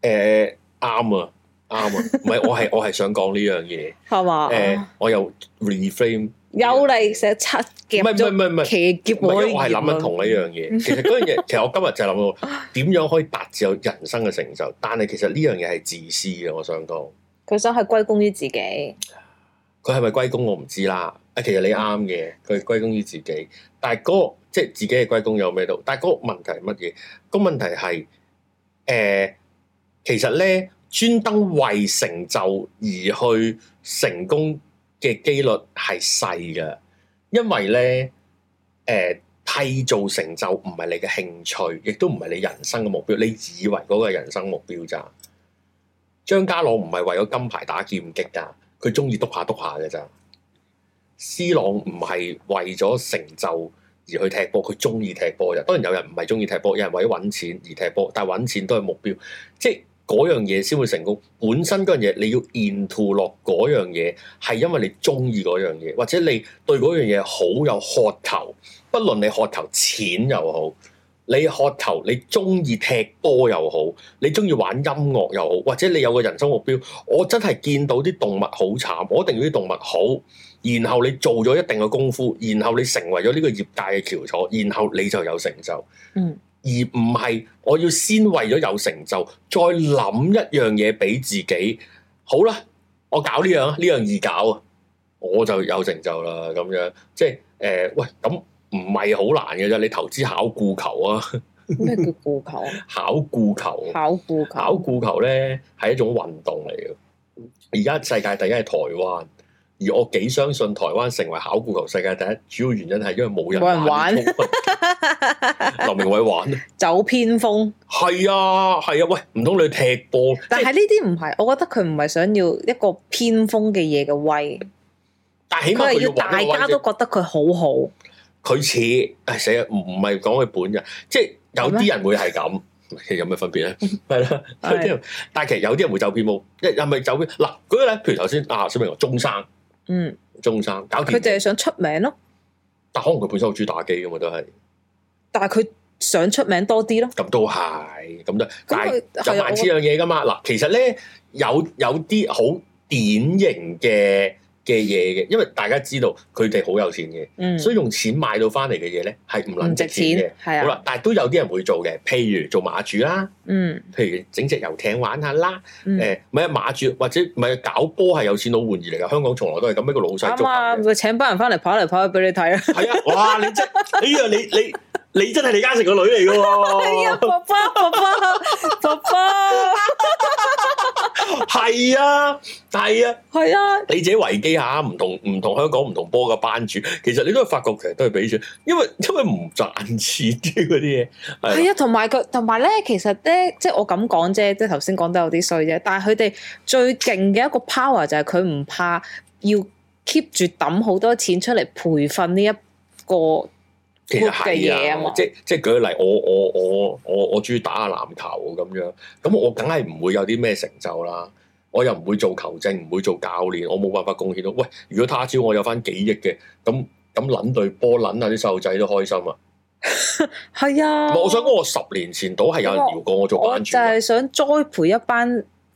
誒，啱啊啱啊，唔係我係我係想講呢樣嘢係嘛？誒，我又 reframe。有嚟成七嘅，唔係，唔係，唔係，唔係，騎劫我係諗緊同你一樣嘢。其實嗰樣嘢， 其實我今日就係諗到點樣可以達至有人生嘅成就。但係其實呢樣嘢係自私嘅，我想講佢想係歸功於自己。佢係咪歸功我唔知啦。啊，其實你啱嘅，佢歸功於自己。但係嗰即係自己嘅歸功有咩到？但係嗰個問題係乜嘢？個問題係誒、呃，其實咧專登為成就而去成功嘅機率係細嘅，因為咧，誒、呃、締造成就唔係你嘅興趣，亦都唔係你人生嘅目標。你以為嗰個人生目標咋？張家朗唔係為咗金牌打劍擊㗎，佢中意篤下篤下嘅咋。C 朗唔係為咗成就而去踢波，佢中意踢波嘅。當然有人唔係中意踢波，有人為咗揾錢而踢波，但係揾錢都係目標，即嗰樣嘢先會成功。本身嗰樣嘢，你要 into 落嗰樣嘢，係因為你中意嗰樣嘢，或者你對嗰樣嘢好有渴頭。不論你渴頭錢又好，你渴頭你中意踢波又好，你中意玩音樂又好，或者你有個人生目標。我真係見到啲動物好慘，我一定要啲動物好。然後你做咗一定嘅功夫，然後你成為咗呢個業界嘅翹楚，然後你就有成就。嗯。而唔係，我要先為咗有成就，再諗一樣嘢俾自己。好啦，我搞呢樣啊，呢樣易搞啊，我就有成就啦。咁樣即係誒、呃，喂，咁唔係好難嘅啫。你投資巧固球啊？咩 叫固球？ 巧固球求，巧固球，巧固球咧係一種運動嚟嘅。而家世界第一係台灣。而我幾相信台灣成為考古球世界第一，主要原因係因為冇人冇人玩， 劉鳴煒玩走偏鋒。係啊係啊，喂唔通你踢波？但係呢啲唔係，我覺得佢唔係想要一個偏鋒嘅嘢嘅威，但係起碼要，要大家都覺得佢好好。佢似唉死啊，唔唔係講佢本人，即係有啲人會係咁，其實有咩分別咧？係啦，但係其實有啲人會走偏鋒，即係咪走偏嗱？嗰個咧，譬如頭先啊，小明話中生。嗯，中山搞佢淨係想出名咯，但可能佢本身好主打機噶嘛，都係，但係佢想出名多啲咯。咁都係，咁都，他但係就萬千樣嘢噶嘛。嗱，其實咧有有啲好典型嘅。嘅嘢嘅，因為大家知道佢哋好有錢嘅，嗯、所以用錢買到翻嚟嘅嘢咧係唔能值錢嘅。係啊，好啦，但係都有啲人會做嘅，譬如做馬主啦，嗯，譬如整隻遊艇玩下啦，誒、嗯，唔係、呃、馬主或者唔係搞波係有錢佬玩意嚟㗎。香港從來都係咁，一個老細做啊！請班人翻嚟跑嚟跑去俾你睇啊！係啊！哇！你真，哎呀！你你。你你真係李嘉誠個女嚟噶？係啊， 爸爸，爸爸，爸爸，係 啊是，係啊，係 啊是！啊、你自己維基下，唔同唔同香港唔同波嘅班主，其實你都發覺其實都係俾住，因為因為唔賺錢啲嗰啲嘢。係啊，同埋佢，同埋咧，其實咧，即係我咁講啫，即係頭先講得有啲衰啫。但係佢哋最勁嘅一個 power 就係佢唔怕要 keep 住抌好多錢出嚟，培訓呢一個。其實係啊，嘛即即，舉例，我我我我我中意打下籃球咁樣，咁我梗係唔會有啲咩成就啦，我又唔會做球證，唔會做教練，我冇辦法貢獻到。喂，如果他朝我有翻幾億嘅，咁咁捻對波捻下啲細路仔都開心啊，係 啊。我想講我十年前都係有人撩過我做班主，就係想栽培一班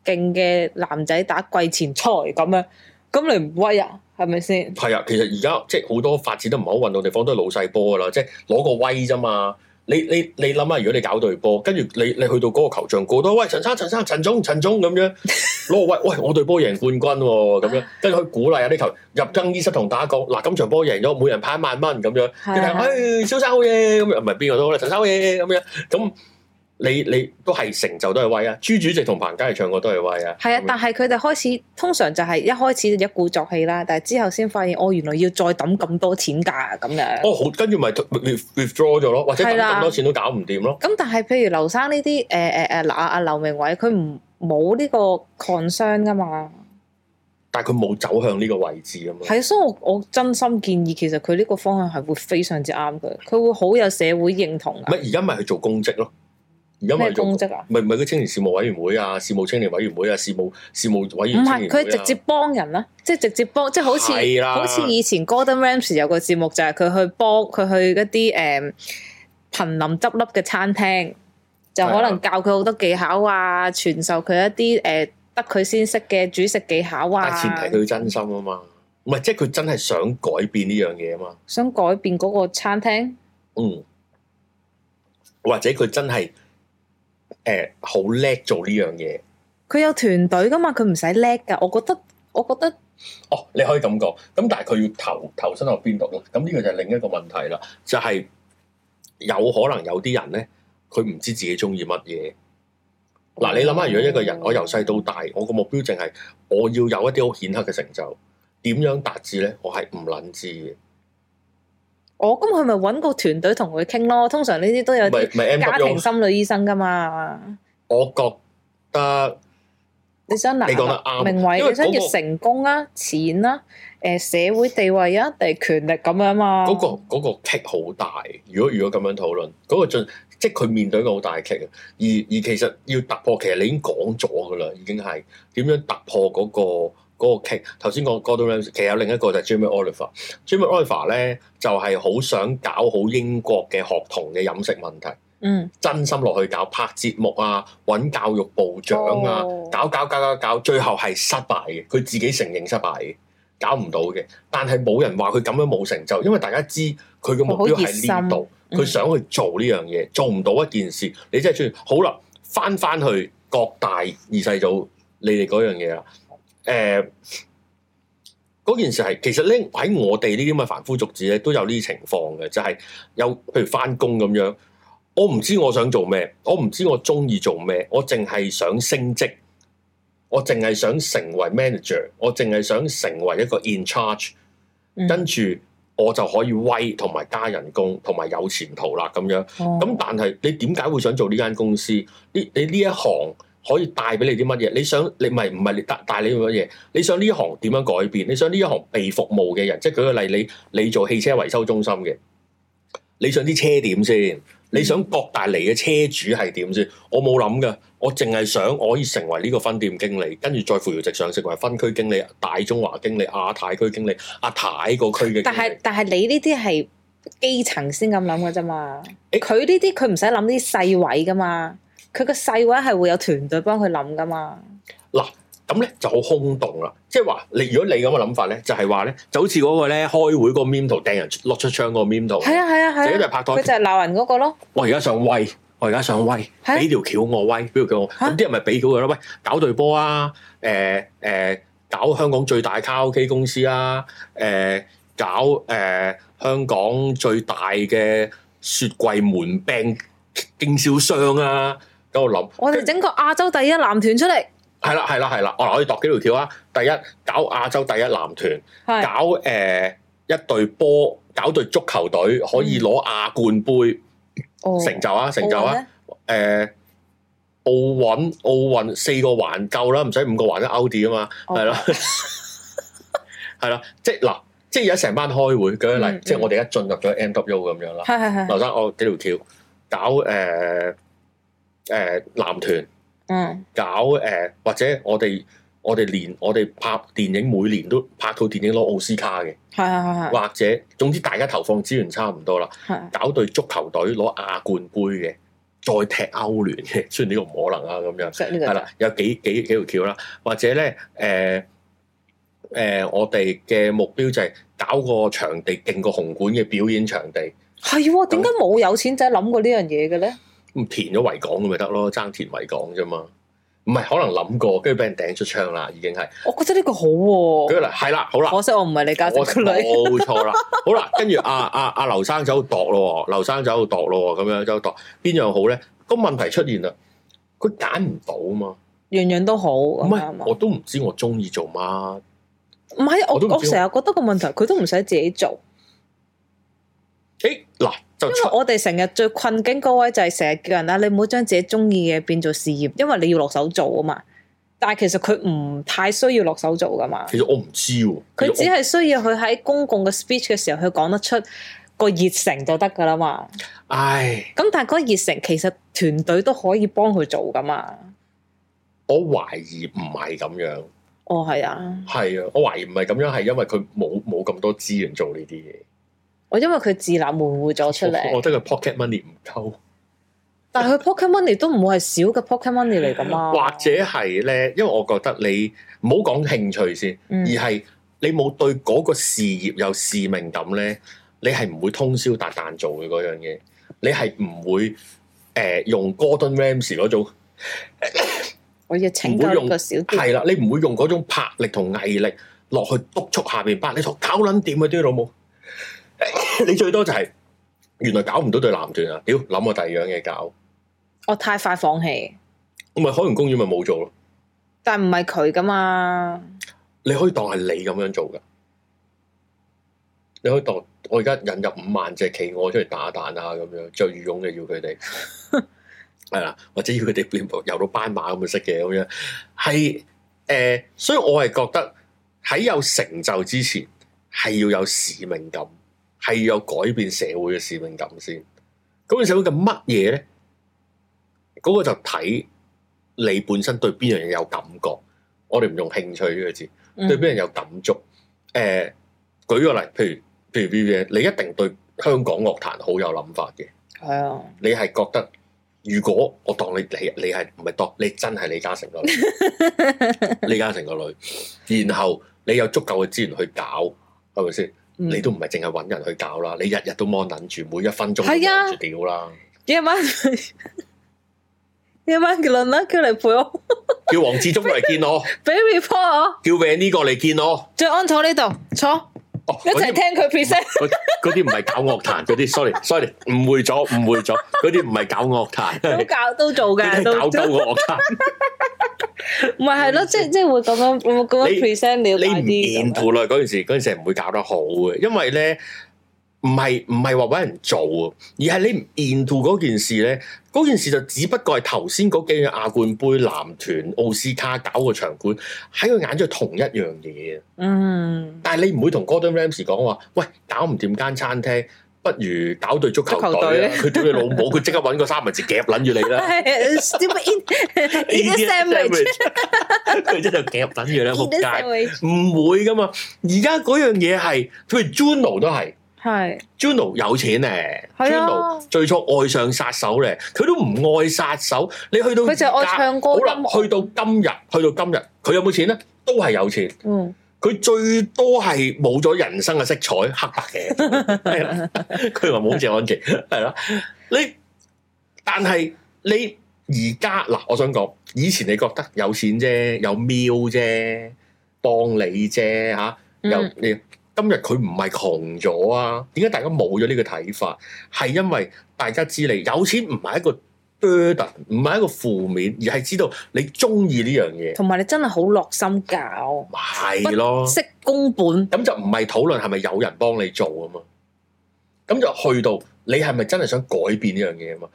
勁嘅男仔打季前賽咁樣，咁你唔威啊？係咪先？係啊，其實而家即係好多發展得唔好運動地方都係老細波噶啦，即係攞個威啫嘛。你你你諗下，如果你搞隊波，跟住你你,你去到嗰個球場，過到喂陳生、陳生、陳總、陳總咁樣，攞個威，喂喂，我對波贏冠軍喎、哦，咁樣跟住可鼓勵下啲球入更衣室同大家講。嗱、啊，咁場波贏咗，每人派一萬蚊咁樣。係的、就是，哎，蕭生好嘢咁樣，唔係邊個都好啦，陳生好嘢咁樣咁。你你都係成就都係威啊！朱主席同彭佳係唱過都係威啊！係啊的，的但係佢哋開始通常就係一開始一鼓作氣啦，但係之後先發現我、哦、原來要再抌咁多錢噶咁樣。哦，好，跟住咪 withdraw 咗咯，或者抌咁的多錢都搞唔掂咯。咁但係譬如劉生呢啲誒誒誒嗱啊劉明偉，佢唔冇呢個 concern 噶嘛？但係佢冇走向呢個位置咁啊？係，所以我我真心建議，其實佢呢個方向係會非常之啱佢，佢會好有社會認同。咪而家咪去做公職咯。而家咪做，咪咪嗰青年事務委員會啊，事務青年委員會啊，事務事務委員。唔係佢直接幫人啦，即係直接幫，即係好似，好似以前 Gordon Ramsay 有個節目就係佢去幫佢去一啲誒瀕臨執笠嘅餐廳，就可能教佢好多技巧啊，傳授佢一啲誒得佢先識嘅煮食技巧啊。但係前提佢真心啊嘛，唔係即係佢真係想改變呢樣嘢啊嘛，想改變嗰個餐廳。嗯，或者佢真係。誒，好叻、欸、做呢樣嘢。佢有團隊噶嘛，佢唔使叻噶。我覺得，我覺得，哦，你可以咁講。咁但係佢要投投身喺邊度咧？咁呢個就係另一個問題啦。就係、是、有可能有啲人咧，佢唔知自己中意乜嘢。嗱，你諗下，如果一個人我由細到大，我個目標淨係我要有一啲好顯赫嘅成就，點樣達至咧？我係唔諗知嘅。我咁佢咪揾個團隊同佢傾咯，通常呢啲都有啲家庭心理醫生噶嘛。我覺得你想難，你講得啱。鳴煒、那個、你想要成功啊、錢啦、啊，誒、呃、社會地位啊、定係權力咁樣嘛、啊。嗰、那個嗰、那個劇好大。如果如果咁樣討論，嗰、那個進即係佢面對一個好大嘅劇。而而其實要突破，其實你已經講咗噶啦，已經係點樣突破嗰、那個。嗰個劇頭先講 Godolphin 其實有另一個就 Jimmy Oliver, Jimmy Oliver。Jimmy Oliver 咧就係、是、好想搞好英國嘅學童嘅飲食問題，嗯，真心落去搞拍節目啊，揾教育部長啊，哦、搞搞搞搞搞，最後係失敗嘅。佢自己承認失敗嘅，搞唔到嘅。但係冇人話佢咁樣冇成就，因為大家知佢嘅目標係呢度，佢、嗯、想去做呢樣嘢，做唔到一件事，你真係算好啦，翻翻去各大二世祖，你哋嗰樣嘢啦。誒嗰、呃、件事係其實咧喺我哋呢啲咁嘅凡夫俗子咧，都有呢啲情況嘅，就係、是、有譬如翻工咁樣，我唔知我想做咩，我唔知我中意做咩，我淨係想升職，我淨係想成為 manager，我淨係想成為一個 in charge，、嗯、跟住我就可以威同埋加人工同埋有前途啦咁樣。咁、嗯、但係你點解會想做呢間公司？呢你呢一行？可以帶俾你啲乜嘢？你想你唔係唔係帶帶你乜嘢？你想呢一行點樣改變？你想呢一行被服務嘅人，即係舉個例你，你你做汽車維修中心嘅，你想啲車點先？你想各大嚟嘅車主係點先？我冇諗噶，我淨係想我可以成為呢個分店經理，跟住再扶搖直上成為分區經理、大中華經理、亞太區經理、阿太個區嘅經理。但係但係你呢啲係基層先咁諗嘅啫嘛？欸，佢呢啲佢唔使諗啲細位噶嘛？佢個細位係會有團隊幫佢諗噶嘛？嗱、啊，咁咧就好空洞啦。即係話你，如果你咁嘅諗法咧，就係話咧，就好似嗰個咧開會個 memo 掟人出落出窗個 memo。係啊係啊係啊！啊啊就拍枱，佢就鬧人嗰個咯。我而家上威，我而家上威，俾、啊、條橋我威，不如叫我咁啲人咪俾條橋咯。喂、啊，搞隊波啊！誒、欸、誒、欸，搞香港最大卡拉 OK 公司啊！誒、欸，搞誒、欸、香港最大嘅雪櫃門柄經銷商啊！我哋整個亞洲第一男團出嚟，係啦係啦係啦，我可以度幾條橋啊！第一搞亞洲第一男團，搞誒一隊波，搞隊足球隊可以攞亞冠盃成就啊！成就啊！誒，奧運奧運四個環夠啦，唔使五個環都歐啲啊嘛，係啦，係啦，即係嗱，即係而家成班開會舉個例，即係我哋而家進入咗 NWO 咁樣啦。劉生，我幾條橋搞誒？誒、呃，男團，嗯，搞誒、呃，或者我哋、嗯、我哋連我哋拍電影，每年都拍套電影攞奧斯卡嘅，係係係，或者總之大家投放資源差唔多啦，是是搞對足球隊攞亞冠杯嘅，再踢歐聯嘅，雖然呢個唔可能啊，咁樣係啦，有幾幾幾條橋啦，或者咧，誒、呃，誒、呃，我哋嘅目標就係搞個場地勁過紅館嘅表演場地，係，點解冇有錢仔諗過呢樣嘢嘅咧？填咗維港咁咪得咯，爭填維港啫嘛。唔係可能諗過，跟住俾人掟出窗啦，已經係。我覺得呢個好喎、啊。咁嗱，係啦，好啦。可惜我唔係你家姐。 我冇錯啦，好啦，跟住阿阿阿劉生走去度咯，劉生走度度咯，咁樣走去度。邊樣好咧？個問題出現啦，佢揀唔到啊嘛。樣樣都好。唔係是吧，我，我都唔知我中意做乜。唔係，我我成日覺得個問題，佢都唔使自己做。誒，嗱、欸。因為我哋成日最困境嗰位就係成日叫人啊，你唔好將自己中意嘅變做事業，因為你要落手做啊嘛。但係其實佢唔太需要落手做噶嘛其。其實我唔知，佢只係需要佢喺公共嘅 speech 嘅時候，佢講得出個熱誠就得噶啦嘛。唉，咁但係嗰個熱誠其實團隊都可以幫佢做噶嘛。我懷疑唔係咁樣。哦，係啊，係啊，我懷疑唔係咁樣，係因為佢冇冇咁多資源做呢啲嘢。因為佢自立門戶咗出嚟，我覺得佢 pocket money 唔夠，但係佢 pocket money 都唔會係少嘅 pocket money 嚟噶嘛。或者係咧，因為我覺得你唔好講興趣先，而係你冇對嗰個事業有使命感咧，你係唔會通宵達旦做嘅嗰樣嘢，你係唔會誒、呃、用 Gordon Ramsay 嗰種， 我要請教個小係啦，你唔會用嗰種魄力同毅力落去督促下邊班，你做搞捻掂嘅啲老母。 你最多就係、是、原來搞唔到對男團啊？屌諗我第二樣嘢搞。我太快放棄。咁咪海洋公園咪冇做咯。但係唔係佢噶嘛你你？你可以當係你咁樣做噶。你可以當我而家引入五萬隻企鵝出嚟打彈啊咁樣，着羽絨嘅要佢哋係啦，或者要佢哋變部游到斑馬咁樣識嘅咁樣係誒，所以我係覺得喺有成就之前係要有使命感。係要有改變社會嘅使命感先。改變社會嘅乜嘢咧？嗰、嗰個就睇你本身對邊樣嘢有感覺。我哋唔用興趣呢個字，對邊樣有感觸。誒、嗯呃，舉個例，譬如譬如 VVN，你一定對香港樂壇好有諗法嘅。係啊、嗯。你係覺得如果我當你你你係唔係當？你，是是當你真係李嘉誠個女， 李嘉誠個女。然後你有足夠嘅資源去搞，係咪先？嗯、你都唔係淨係搵人去搞啦，你日日都 monitor 住，每一分鐘都望住屌啦。夜晚，夜晚叫杰倫啦，叫嚟陪我。 叫黃志忠嚟見我，俾 report 。叫搵呢個嚟見我，最安坐呢度，坐，哦、一齊聽佢 present。嗰啲唔係搞樂壇，嗰啲 sorry sorry，誤會咗誤會咗，嗰啲唔係搞樂壇。都搞都做嘅，搞夠樂壇。唔係咯，即係即係會咁樣咁樣 present 了，你唔 into 嗰件事，嗰件事唔會搞得好嘅。因為咧唔係唔係話搵人做啊，而係你唔 into 嗰件事咧，嗰件事就只不過係頭先嗰幾個亞冠盃、男團、奧斯卡搞個場館喺佢眼中係同一樣嘢。嗯，但係你唔會同 Gordon Ramsay 講話，喂，搞唔掂間餐廳。不如搞隊足球隊啦！佢屌你老母，佢即刻揾個三文治夾捻住你啦！係，still in in the sandwich，佢即係夾捻住咧扑街！唔會噶嘛？而家嗰樣嘢係，譬如 Juno 都係，係 Juno 有錢咧，Juno 最初愛上殺手咧，佢都唔愛殺手。你去到佢就愛唱歌。好啦，去到今日，去到今日，佢有冇錢咧？都係有錢。嗯。佢最多係冇咗人生嘅色彩，黑白嘅，係啦 佢話冇謝安琪，係啦。你，但係你而家嗱，我想講，以前你覺得有錢啫，有妙啫，幫你啫，吓、啊，有你今日佢唔係窮咗啊？點解大家冇咗呢個睇法？係因為大家知你有錢唔係一個。burden 唔係一個負面，而係知道你中意呢樣嘢，同埋你真係好落心搞，係咯識公本，咁就唔係討論係咪有人幫你做啊嘛？咁就去到你係咪真係想改變呢樣嘢啊嘛？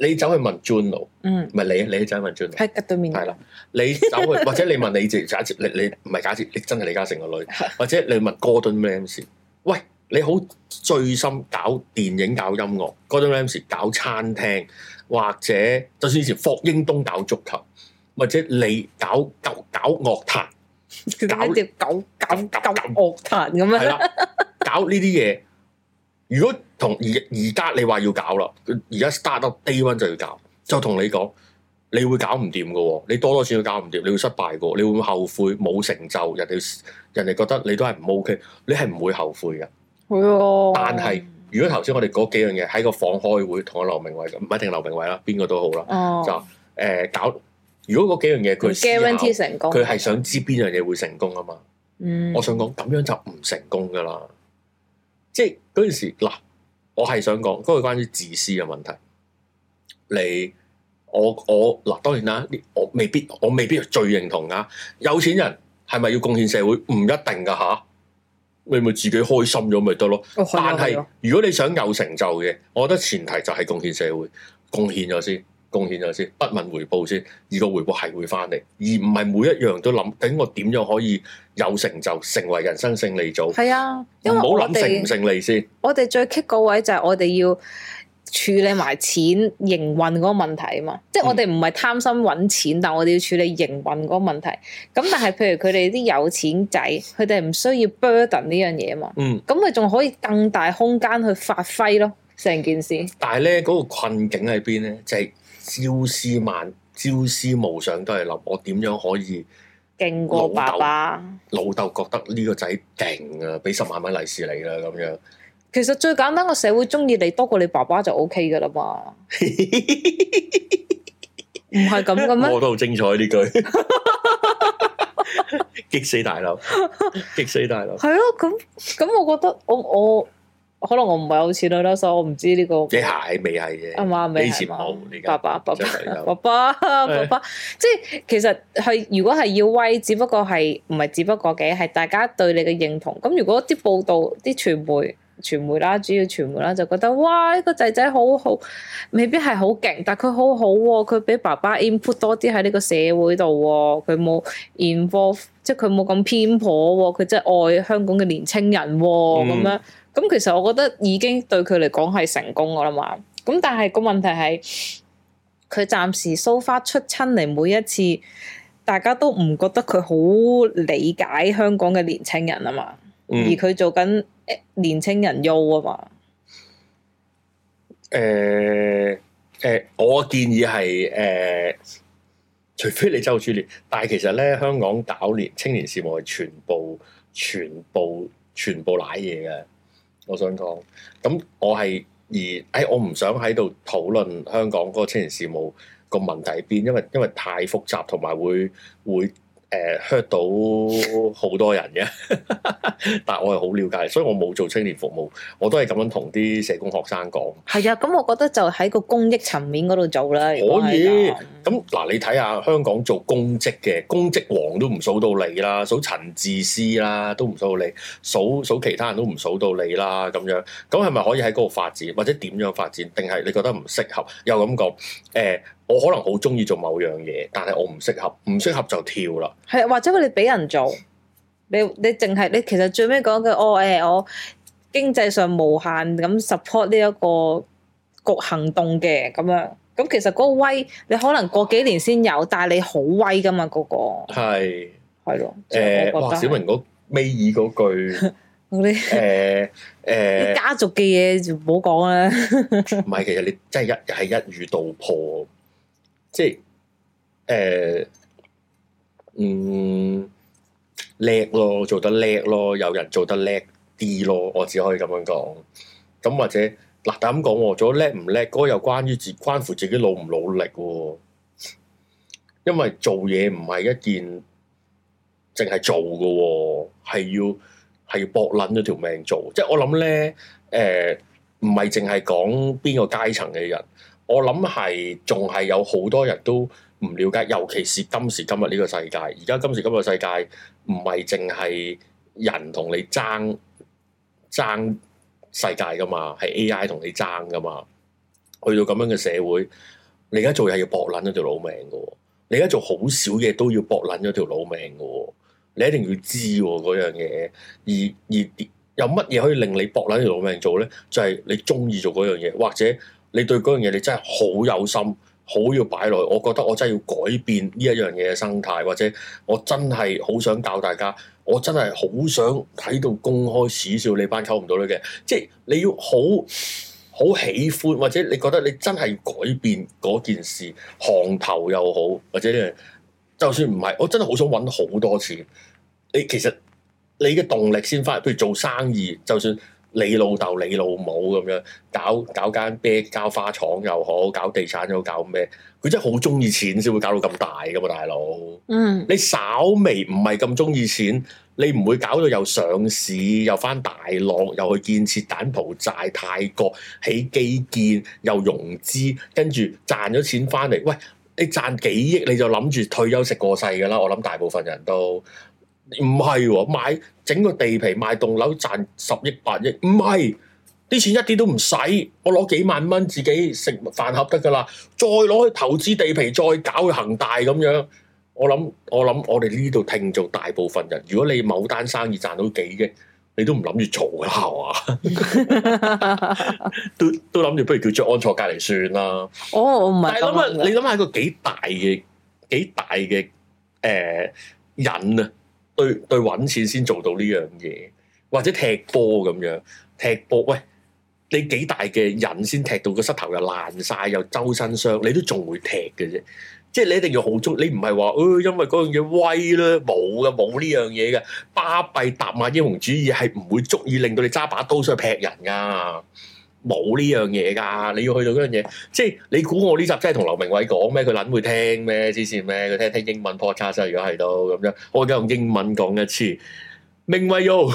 你走去問 Juno 嗯，唔係你啊，你走去問 Juno 係對面，係啦，你走去或者你問李靜假設，你你唔係假設，你真係李嘉誠個女，或者你問 Gordon Ramsay，喂，你好醉心搞電影搞音樂，Gordon Ramsay 搞餐廳。或者就算以前霍英東搞足球，或者你搞搞搞樂壇，搞只搞搞搞樂壇咁樣，係啦，搞呢啲嘢。如果同而而家你話要搞咯，而家 start up day one 就要搞，就同你講，你會搞唔掂噶，你多多少少搞唔掂，你會失敗噶，你會後悔冇成就，人哋人哋覺得你都係唔 ok，你係唔會後悔嘅，會的，對哦、但係。如果頭先我哋嗰幾樣嘢喺個房開會，同阿劉鳴煒咁，唔一定劉鳴煒啦，邊個都好啦，哦、就誒、呃、搞。如果嗰幾樣嘢佢，佢係想知邊樣嘢會成功啊嘛？嗯，我想講咁樣就唔成功噶啦。即係嗰陣時嗱，我係想講，嗰個關於自私嘅問題。你我我嗱，當然啦，我未必，我未必,我未必最認同噶。有錢人係咪要貢獻社會？唔一定噶吓。你咪自己開心咗咪得咯？哦啊、但係是的如果你想有成就嘅，我覺得前提就係貢獻社會，貢獻咗先，貢獻咗先，不問回報先，而、這個回報係會返嚟，而唔係每一樣都諗。等我點樣可以有成就，成為人生勝利組？係啊，唔好諗勝唔勝利先。我哋最棘嗰位就係我哋要。處理埋錢營運嗰個問題啊嘛，即係我哋唔係貪心揾錢，嗯、但我哋要處理營運嗰個問題。咁但係，譬如佢哋啲有錢仔，佢哋唔需要 burden 呢樣嘢啊嘛。嗯，咁佢仲可以更大空間去發揮咯，成件事。但係咧，嗰、那個困境喺邊咧？就係、是、朝思晚朝思暮想都係諗，我點樣可以勁過爸爸，老豆覺得呢個仔勁啊，俾十萬蚊利是你啦咁樣。其實最簡單，個社會中意你多過你爸爸就 O K 噶啦嘛，唔係咁嘅咩？我都好精彩呢句 激，激死大佬，激死大佬。係咯，咁咁，我覺得我我可能我唔係有錢女啦，所以我唔知呢、這個幾係未係啫。阿媽未係，啊、以前冇。爸爸爸爸爸爸爸爸，即係其實係如果係要威，只不過係唔係只不過嘅，係大家對你嘅認同。咁如果啲報道、啲傳媒。傳媒啦，主要傳媒啦，就覺得哇，呢、呢個仔仔好好，未必係好勁，但佢好好、啊、喎，佢俾爸爸 input 多啲喺呢個社會度喎、啊，佢冇 involve，即係佢冇咁偏頗喎、啊，佢真係愛香港嘅年輕人喎、啊，咁、嗯、樣，咁其實我覺得已經對佢嚟講係成功㗎喇嘛，咁但係個問題係，佢暫時 so far 出親嚟每一次，大家都唔覺得佢好理解香港嘅年輕人啊嘛，而佢做緊。年青人鬱啊嘛。誒誒、欸欸，我建議係誒、欸，除非你周住年，但係其實咧，香港搞年青年事務係全部、全部、全部賴嘢嘅。我想講，咁我係而誒、欸，我唔想喺度討論香港嗰個青年事務個問題喺邊，因為因為太複雜，同埋會會會誒，hurt、呃、到好多人嘅， 但係我係好了解，所以我冇做青年服務，我都係咁樣同啲社工學生講。係啊，咁、嗯、我覺得就喺個公益層面嗰度做啦。可以，咁嗱、呃，你睇下香港做公職嘅公職王都唔數到你啦，數陳智思啦，都唔數到你，數數其他人都唔數到你啦，咁樣，咁係咪可以喺嗰度發展，或者點樣發展？定係你覺得唔適合？又咁講誒？呃我可能好中意做某樣嘢，但係我唔適合，唔適合就跳啦。係或者你俾人做，你你淨係你其實最尾講句：哦「我誒我經濟上無限咁 support 呢一個局行動嘅咁樣，咁其實嗰個威你可能過幾年先有，但係你好威噶嘛嗰、嗰個係係咯誒，小明嗰尾二嗰句嗰啲誒誒家族嘅嘢就唔好講啦。唔係，其實你真係一係一語道破。即係誒、呃，嗯，叻咯，做得叻咯，有人做得叻啲咯，我只可以咁樣講。咁或者嗱、呃，但係咁講，做叻唔叻，嗰個又關於自，關乎自己努唔努力、啊。因為做嘢唔係一件淨係做噶、啊，係要係要搏捻咗條命做。即係我諗咧，誒、呃，唔係淨係講邊個階層嘅人。我諗係仲係有好多人都唔了解，尤其是今時今日呢個世界。而家今時今日世界唔係淨係人同你爭爭世界噶嘛，係 AI 同你爭噶嘛。去到咁樣嘅社會，你而家做嘢係要搏捻咗條老命噶。你而家做好少嘢都要搏捻咗條老命噶。你一定要知嗰、啊、樣嘢。而而有乜嘢可以令你搏捻條老命做咧？就係、是、你中意做嗰樣嘢，或者。你對嗰樣嘢你真係好有心，好要擺落。我覺得我真係要改變呢一樣嘢嘅生態，或者我真係好想教大家，我真係好想睇到公開恥笑你班溝唔到女嘅。即係你要好好喜歡，或者你覺得你真係要改變嗰件事，行頭又好，或者呢樣就算唔係，我真係好想揾好多錢。你其實你嘅動力先返嚟，譬如做生意，就算。你老豆、你老母咁樣搞搞間啤膠花廠又好，搞地產又好，搞咩？佢真係好中意錢先會搞到咁大㗎嘛，大佬。嗯，你稍微唔係咁中意錢，你唔會搞到又上市，又翻大浪，又去建設柬埔寨、泰國起基建，又融資，跟住賺咗錢返嚟。喂，你賺幾億你就諗住退休食過世㗎啦。我諗大部分人都。唔係喎，買整個地皮賣棟樓賺十億八億，唔係啲錢一啲都唔使，我攞幾萬蚊自己食飯盒得噶啦，再攞去投資地皮，再搞去恒大咁樣。我諗我諗，我哋呢度聽眾大部分人，如果你某單生意賺到幾億，你都唔諗住做啦，係嘛？ 都都諗住不如叫做安坐隔籬算啦。哦、oh, 但是，唔係。你諗下，你諗下個幾大嘅幾大嘅誒、呃、人啊！對對，揾錢先做到呢樣嘢，或者踢波咁樣踢波。喂，你幾大嘅人先踢到個膝頭又爛晒又周身傷，你都仲會踢嘅啫。即係你一定要好足，你唔係話，誒、哎，因為嗰樣嘢威啦，冇噶，冇呢樣嘢噶。巴閉踏馬英雄主義係唔會足以令到你揸把刀出去劈人噶。冇呢樣嘢㗎，你要去到嗰樣嘢，即係你估我呢集真係同劉鳴煒講咩？佢撚會聽咩？黐線咩？佢聽聽英文 podcast，如果係都咁樣，我而家用英文講一次，鳴煒、哦。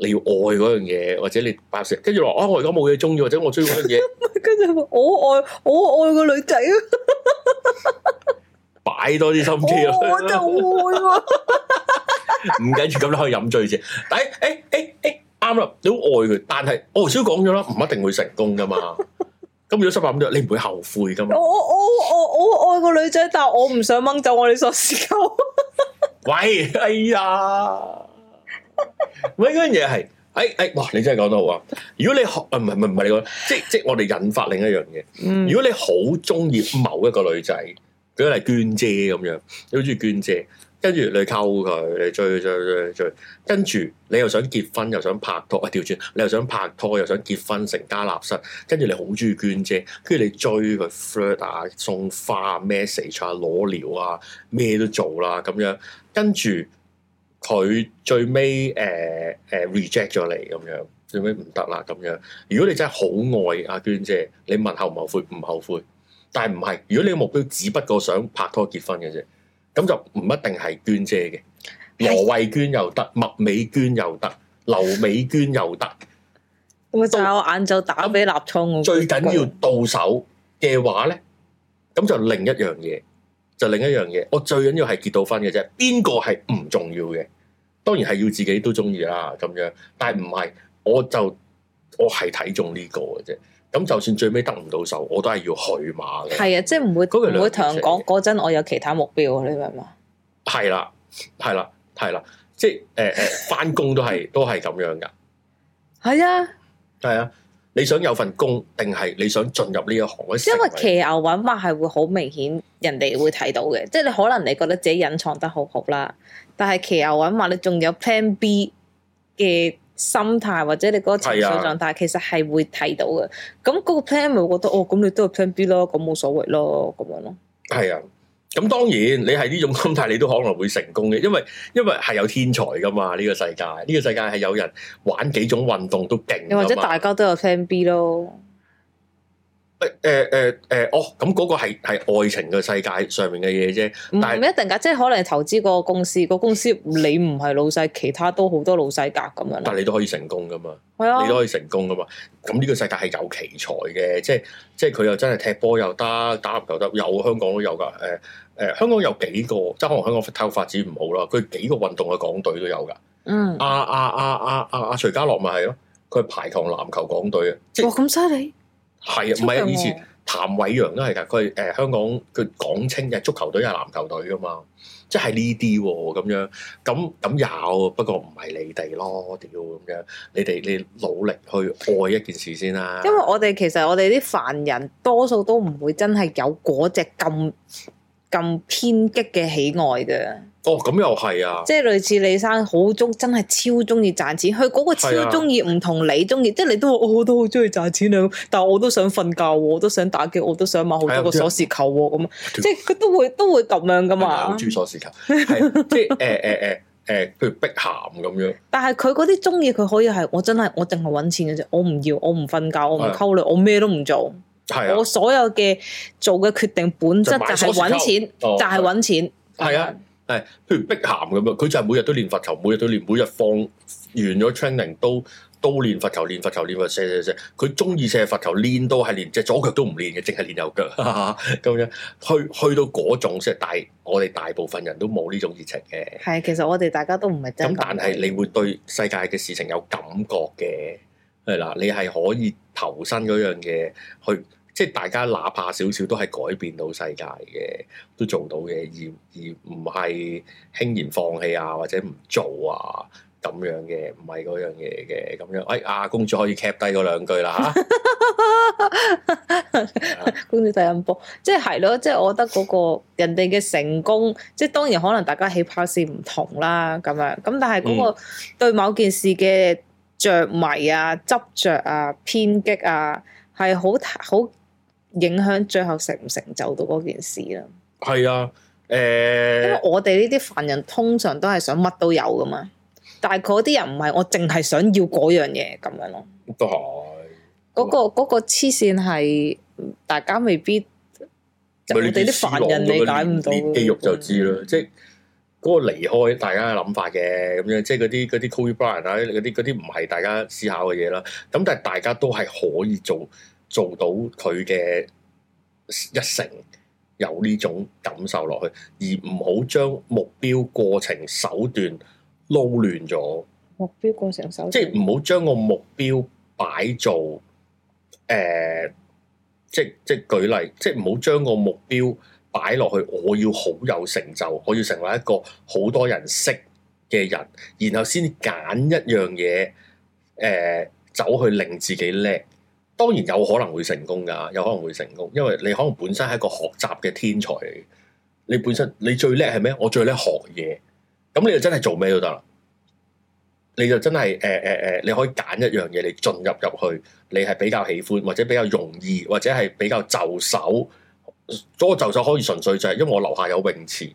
你要愛嗰樣嘢，或者你白四，跟住話啊，我而家冇嘢中意，或者我中意嗰樣嘢，跟住話我愛我愛個女仔，擺 多啲心機咯，我愛就會，唔緊住咁樣可以飲醉先。誒誒誒誒，啱、欸、啦、欸欸欸，你要愛佢，但係我、哦、頭先講咗啦，唔一定會成功噶嘛。咁如果失敗咁樣，你唔會後悔噶嘛？我我我我愛個女仔，但我唔想掹走我哋索士喂，哎呀！喂， 嗰樣嘢係，誒、哎、誒，哇，你真係講得好啊！如果你學，唔係唔係唔係，你講，即即我哋引發另一樣嘢。如果你好中意某一個女仔，佢係娟姐咁樣，你好中意娟姐，跟住你溝佢，你追追追追，跟住你又想結婚，又想拍拖啊，調轉，你又想拍拖，又想結婚成家立室，跟住你好中意娟姐，跟住你追佢 flirt 送花啊，message 啊，攞料啊，咩都做啦咁樣，跟住。佢最尾誒誒 reject 咗你咁樣，最尾唔得啦咁樣。如果你真係好愛阿、啊、娟姐，你問後唔後悔？唔後悔。但係唔係？如果你個目標只不過想拍拖結婚嘅啫，咁就唔一定係娟姐嘅。羅慧娟又得，麥美娟又得，劉美娟又得。咪仲有晏晝打俾立聰我。最緊要到手嘅話咧，咁就另一樣嘢。就另一樣嘢，我最緊要係結到婚嘅啫，邊個係唔重要嘅？當然係要自己都鍾意啦咁樣，但係唔係我就我係睇中呢個嘅啫。咁就算最尾得唔到手，我都係要去馬嘅。係啊，即係唔會唔會同人講嗰陣我有其他目標，你明唔明？係啦，係啦，係啦，即係誒誒，返工都係都係咁樣㗎。係啊，係啊。 你想有份工，定係你想進入呢一行？因為騎牛揾馬係會好明顯，人哋會睇到嘅。即係你可能你覺得自己隱藏得好好啦，但係騎牛揾馬，你仲有 Plan B 嘅心態，或者你嗰個情緒狀態，是啊、其實係會睇到嘅。咁嗰個 Plan 咪是、啊、覺得哦，咁你都係 Plan B 囉，咁冇所謂咯，咁樣咯。係啊。咁當然，你係呢種心態，你都可能會成功嘅，因為因為係有天才噶嘛，呢個世界，呢個世界係有人玩幾種運動都勁，又或者大家都有 fan B 咯。誒誒誒哦，咁嗰個係係愛情嘅世界上面嘅嘢啫，唔、嗯、唔一定噶，即係可能投資個公司，個公司你唔係老細，其他都好多老細格咁樣，但係你都可以成功噶嘛，係啊，你都可以成功噶嘛，咁呢個世界係有奇才嘅，即係即係佢又真係踢波又得，打籃球得，有香港都有噶，誒、呃、誒，香港有幾個，即係可能香港體育發展唔好啦，佢幾個運動嘅港隊都有噶，嗯，阿阿阿阿阿徐家樂咪係咯，佢係排球籃球港隊啊，哇，咁犀利！係啊，唔係啊，以前譚偉陽都係噶，佢係誒香港佢講清嘅足球隊係籃球隊噶嘛，即係呢啲喎咁樣，咁咁有，不過唔係你哋咯，屌咁樣，你哋你努力去愛一件事先啦，啊。因為我哋其實我哋啲凡人多數都唔會真係有嗰隻咁。咁偏激嘅喜愛嘅，哦咁又係啊！即係類似李生好中，真係超中意賺錢。佢嗰個超中意唔同你中意，即係你都我都好中意賺錢啊！但係我都想瞓覺，我都想打機，我都想買好多個鎖匙扣咁。即係佢都會都會咁樣噶嘛？好中意鎖匙扣 即係誒誒誒誒，譬、呃呃呃呃、如碧咸咁樣。但係佢嗰啲中意佢可以係我真係我淨係搵錢嘅啫，我唔要，我唔瞓覺，我唔溝女，啊、我咩都唔做。我所有嘅做嘅決定，本質就係揾錢，就係揾、哦、錢。係啊，係，譬如碧咸咁樣，佢就係每日都練罰球，每日都練，每日放完咗 training 都都練罰球，練罰球，練罰射射。佢中意射罰球，練都係練隻左腳都唔練嘅，淨係練右腳咁樣。去去到嗰種，即係大我哋大部分人都冇呢種熱情嘅。係其實我哋大家都唔係真。咁但係你會對世界嘅事情有感覺嘅，係啦，你係可以投身嗰樣嘢去。去即係大家哪怕少少都係改變到世界嘅，都做到嘅，而而唔係輕言放棄啊，或者唔做啊咁樣嘅，唔係嗰樣嘢嘅咁樣。哎呀，公主可以 cap 低嗰兩句啦嚇， 啊、 公主第一波，即係係咯，即係我覺得嗰個人哋嘅成功， 即係當然可能大家起跑線唔同啦，咁樣咁，但係嗰個對某件事嘅着迷啊、執着啊、偏激啊，係好好。影響最後成唔成就到嗰件事啦。係啊，誒、欸，因為我哋呢啲凡人通常都係想乜都有噶嘛，但係嗰啲人唔係，我淨係想要嗰樣嘢咁樣咯。都係嗰個、嗰個黐線係，大家未必。就你哋啲凡人理解唔到，練肌肉就知啦。嗯、即係嗰、嗰個離開大家嘅諗法嘅，咁樣即係嗰啲嗰啲 Kobe Bryant 嗰啲嗰啲唔係大家思考嘅嘢啦。咁但係大家都係可以做。做到佢嘅一成，有呢種感受落去，而唔好將目標過程、手段撈亂咗。目標過程、手段即係唔好將個目標擺做誒即係即係舉例，即係唔好將個目標擺落去。我要好有成就，我要成為一個好多人識嘅人，然後先揀一樣嘢，誒走去令自己叻。當然有可能會成功㗎，有可能會成功，因為你可能本身係一個學習嘅天才嚟嘅。你本身你最叻係咩？我最叻學嘢，咁你就真係做咩都得啦。你就真係誒誒誒，你可以揀一樣嘢，你進入入去，你係比較喜歡，或者比較容易，或者係比較就手。嗰個就手可以純粹就係，因為我樓下有泳池。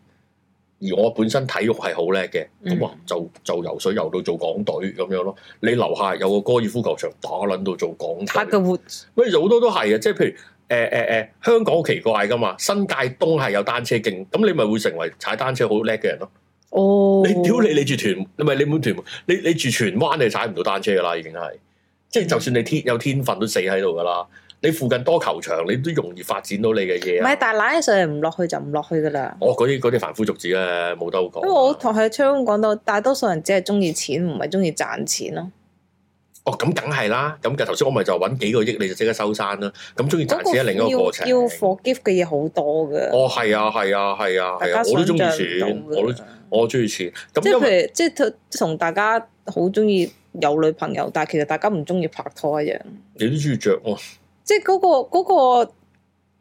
而我本身體育係好叻嘅，咁啊、嗯、就就游水游到做港隊咁樣咯。你樓下有個高爾夫球場打撚到做港隊，踩嘅活。乜好多都係啊。即係譬如誒誒誒，香港好奇怪噶嘛，新界東係有單車徑，咁你咪會成為踩單車好叻嘅人咯。哦，你屌你，你住屯，唔係你冇屯，你你住荃灣，你踩唔到單車噶啦，已經係，即係、嗯、就算你天有天分都死喺度噶啦。你附近多球場，你都容易發展到你嘅嘢、啊。唔係，但係攬起上嚟唔落去就唔落去噶啦。我嗰啲啲凡夫俗子啊，冇得好講。不為我同佢吹風講到，大多數人只係中意錢，唔係中意賺錢咯。哦，咁梗係啦。咁嘅頭先我咪就揾幾個億，你就即刻收山啦。咁中意賺錢係另一個過程。要要 gift 嘅嘢好多噶。哦，係啊，係啊，係啊，係啊，啊我都中意錢，我都我中意錢。咁即係譬如，即係同大家好中意有女朋友，但係其實大家唔中意拍拖一樣。你都中意着。嗯即係、嗰、嗰個、嗰個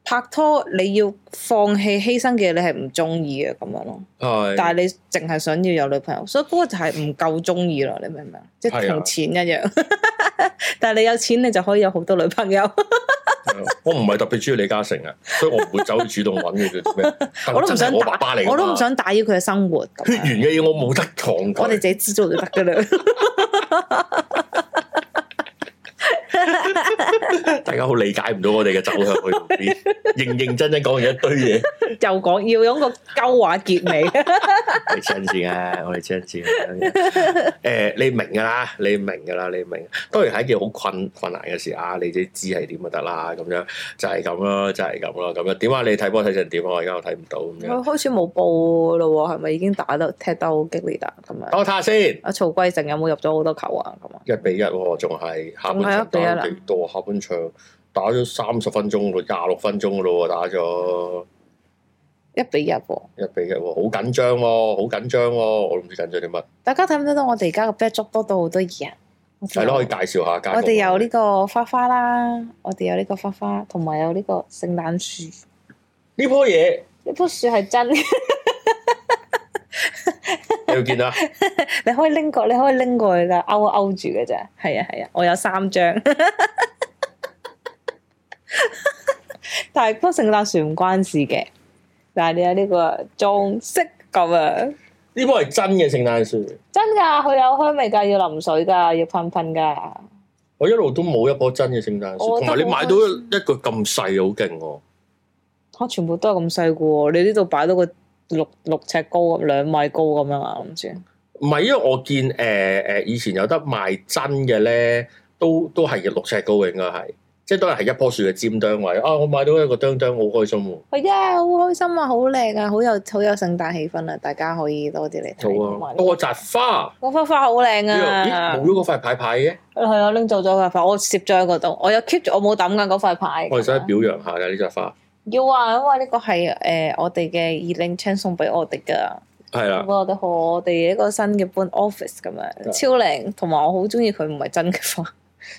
拍拖，你要放棄犧牲嘅，你係唔中意嘅咁樣咯。係，是的 但係你淨係想要有女朋友，所以嗰個就係唔夠中意咯。你明唔明啊？即係同錢一樣，是的 但係你有錢，你就可以有好多女朋友。 我唔係特別中意李嘉誠啊，所以我唔會走去主動搵佢做咩。我都唔想打，我都唔想打擾佢嘅生活。血緣嘅嘢我冇得抗拒。我哋自己知道就得噶啦。 大家好理解唔到我哋嘅走向去邊，認 認真真講完一堆嘢， 就講要用個鳩話結尾。 你真知啊，我哋真知。誒、呃，你明噶啦，你明噶啦，你明。當然係一件好困困難嘅事樣樣啊，你自己知係點就得啦。咁樣就係咁咯，就係咁咯，咁樣點啊？你睇波睇成點啊？我而家我睇唔到。開始冇報咯，係咪已經打得踢得好激烈啊？咁樣多睇下先。阿、啊、曹桂成有冇入咗好多球啊？咁啊，一比一、哦，仲係幾多，多下半場打咗三十分鐘，到廿六分鐘噶咯，打咗一、哦、一比一喎、哦，一比一喎，好緊張喎，好緊張喎，我唔知緊張啲乜。大家睇唔睇到我哋而家個 pet shop 多到好多嘢？係咯，可以介紹下。我哋有呢個花花啦，我哋有呢個花花，同埋有呢個聖誕樹。呢棵嘢，呢棵樹係真。 又見啦！你可以拎過，你可以拎過去啦，勾勾住嘅啫。係啊，係啊，我有三張，但係棵聖誕樹唔關事嘅。但係你有呢個裝飾咁樣？呢棵係真嘅聖誕樹。真噶佢有香味噶要淋水噶要噴噴噶我一路都冇一棵真嘅聖誕樹，同埋你買到一個咁細，好勁喎！我全部都係咁細噶你呢度擺到個？六六尺高，兩米高咁樣啊？諗住唔係，因為我見誒誒、呃，以前有得賣真嘅咧，都都係六尺高，應該係，即係當然係一棵樹嘅尖墩位啊、哦！我買到一個端端，好開心喎！係、yeah, 啊，好開心啊，好靚啊，好有好有，好有聖誕氣氛啊！大家可以多啲嚟做啊！為我紮花，我花花好靚啊！咦，冇咗嗰塊牌牌嘅？係啊，拎走咗嘅牌，我攝咗喺嗰度，我有 keep 住，我冇抌噶嗰塊牌。我想表揚下嘅呢紮花。要啊，因為呢個係誒我哋嘅二零千送俾我哋噶，送、呃、啊，我哋好、e，的我哋一個新嘅搬 office 咁樣，的超靚，同埋我好中意佢唔係真嘅花，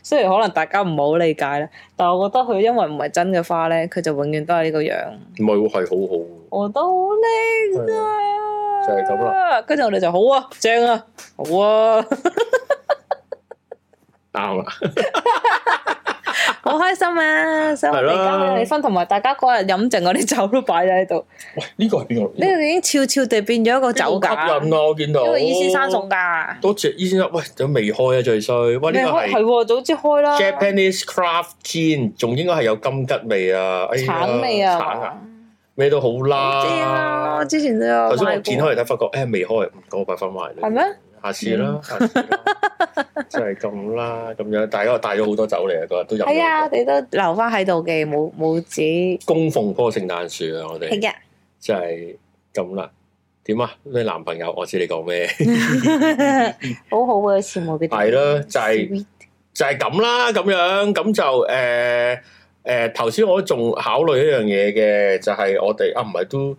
雖然可能大家唔好理解啦，但係我覺得佢因為唔係真嘅花咧，佢就永遠都係呢個樣，唔係喎，係好好，我都好靚啊，就係咁啦，跟住我哋就好啊，正啊，好啊，啱 啦對、啊。 好開心啊！想我哋家李芬同埋大家嗰日飲剩嗰啲酒都擺咗喺度。喂，呢個係邊個？呢個已經悄悄地變咗一個酒架。好吸引啊，我見到。因為伊先生送㗎。多謝伊先生。喂，仲未開啊，最衰。喂，你開係喎，早知開啦。Japanese craft gin 仲應該係有金桔味啊！橙味啊，橙咩都好啦。啱啊！之前都有。頭先我見開嚟睇，發覺誒未開，嗰個八分賣咧。係咩？下次啦，下次 就係咁啦，咁樣大家帶咗好多酒嚟啊！嗰日都有。係啊，我哋都留翻喺度嘅，冇冇止供奉棵聖誕樹啊！我哋係嘅，的就係咁啦。點啊？你男朋友？我知你講咩， 好好嘅、啊、事冇嘅，係咯，就係、是、Sweet. 就係咁啦，咁樣咁就誒誒頭先我仲考慮一樣嘢嘅，就係、是、我哋啊，唔係都都，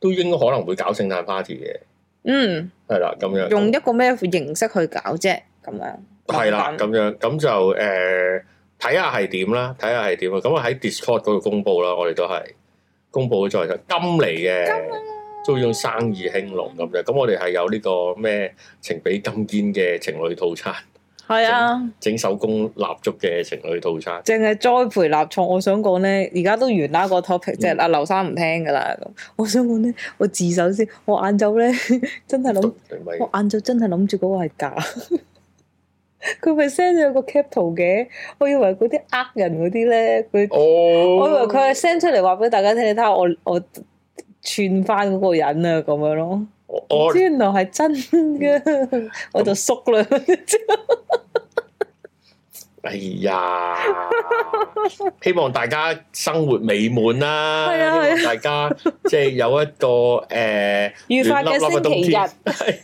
都應該可能會搞聖誕 party 嘅。嗯，係啦，咁樣用一個咩形式去搞啫？咁樣係啦，咁樣咁、嗯、就誒，睇下係點啦，睇下係點啦，咁啊喺 Discord 嗰度公布啦，我哋都係公布咗再金嚟嘅，都用生意興隆咁樣，咁我哋係有呢個咩情比金堅嘅情侶套餐。係啊整，整手工蠟燭嘅情侶套餐，淨係栽培蠟燭。我想講咧，而家都完啦個 topic，、嗯、即係阿劉生唔聽噶啦。我想講咧，我自首先，我晏晝咧真係諗，對我晏晝真係諗住嗰個係假，佢咪 send 咗個 cap 圖嘅，我以為嗰啲呃人嗰啲咧，佢，哦、我以為佢係 send 出嚟話俾大家聽，你睇下我我,我串翻個人啊，咁樣咯。我知道原來係真噶，嗯、我就縮啦。 哎呀，希望大家生活美滿啦、啊，是啊，是啊，希望大家即係有一個誒愉快嘅星期日。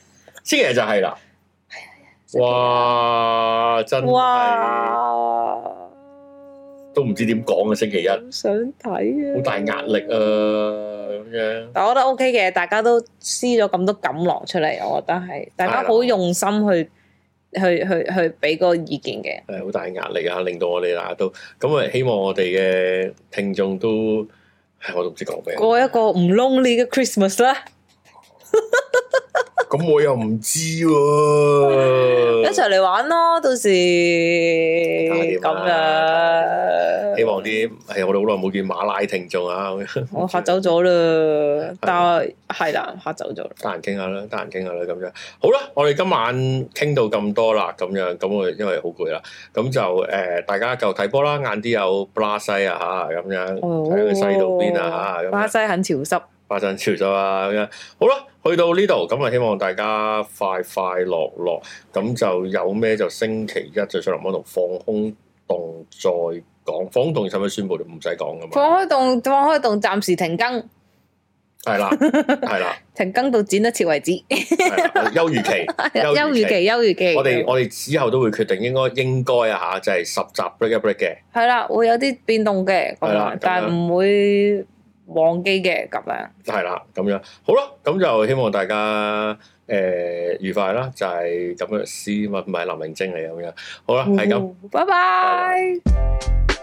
星期日就係啦、啊，哇，真係。哇都唔知點講啊！星期一，好想睇啊，好大壓力啊，咁樣。但係我覺得 OK 嘅，大家都撕咗咁多錦囊出嚟，我覺得係大家好用心去去去去俾個意見嘅。係好大壓力啊，令到我哋大家都咁啊！希望我哋嘅聽眾都，我都唔知講咩。過一個唔 lonely 嘅 Christmas 啦～咁 我又唔知喎、啊， 一齊嚟玩咯！到時咁樣、啊，樣希望啲係、哎、我哋好耐冇見馬拉聽眾啊！ 道我吓走咗啦，的但係啦吓走咗啦。得閒傾下啦，得閒傾下啦，咁樣，樣好啦，我哋今晚傾到咁多啦，咁樣，咁我因為好攰啦，咁就誒、呃、大家就睇波啦，晏啲有巴西啊吓咁樣，睇佢、哦、西到邊啊吓，巴西很潮濕。發生潮州啊咁樣，好啦，去到呢度咁啊，就希望大家快快樂樂咁就有咩就星期一就上嚟我度放空洞，再講放空洞使唔使宣布就？唔使講噶嘛，放開洞放開洞，暫時停更係啦係啦， 停更到剪一次為止， 休預期休預期休預期。期 期期我哋們的我哋之後都會決定應該應該啊吓就係、是、十集 break 嘅 break 嘅係啦，會有啲變動嘅，的但係是唔會。忘記嘅咁樣，係啦咁樣，好啦，咁就希望大家誒、呃、愉快啦，就係、是、咁樣、嗯、樣，是咪咪林明晶嚟咁樣，好啦，係咁，拜拜。拜拜。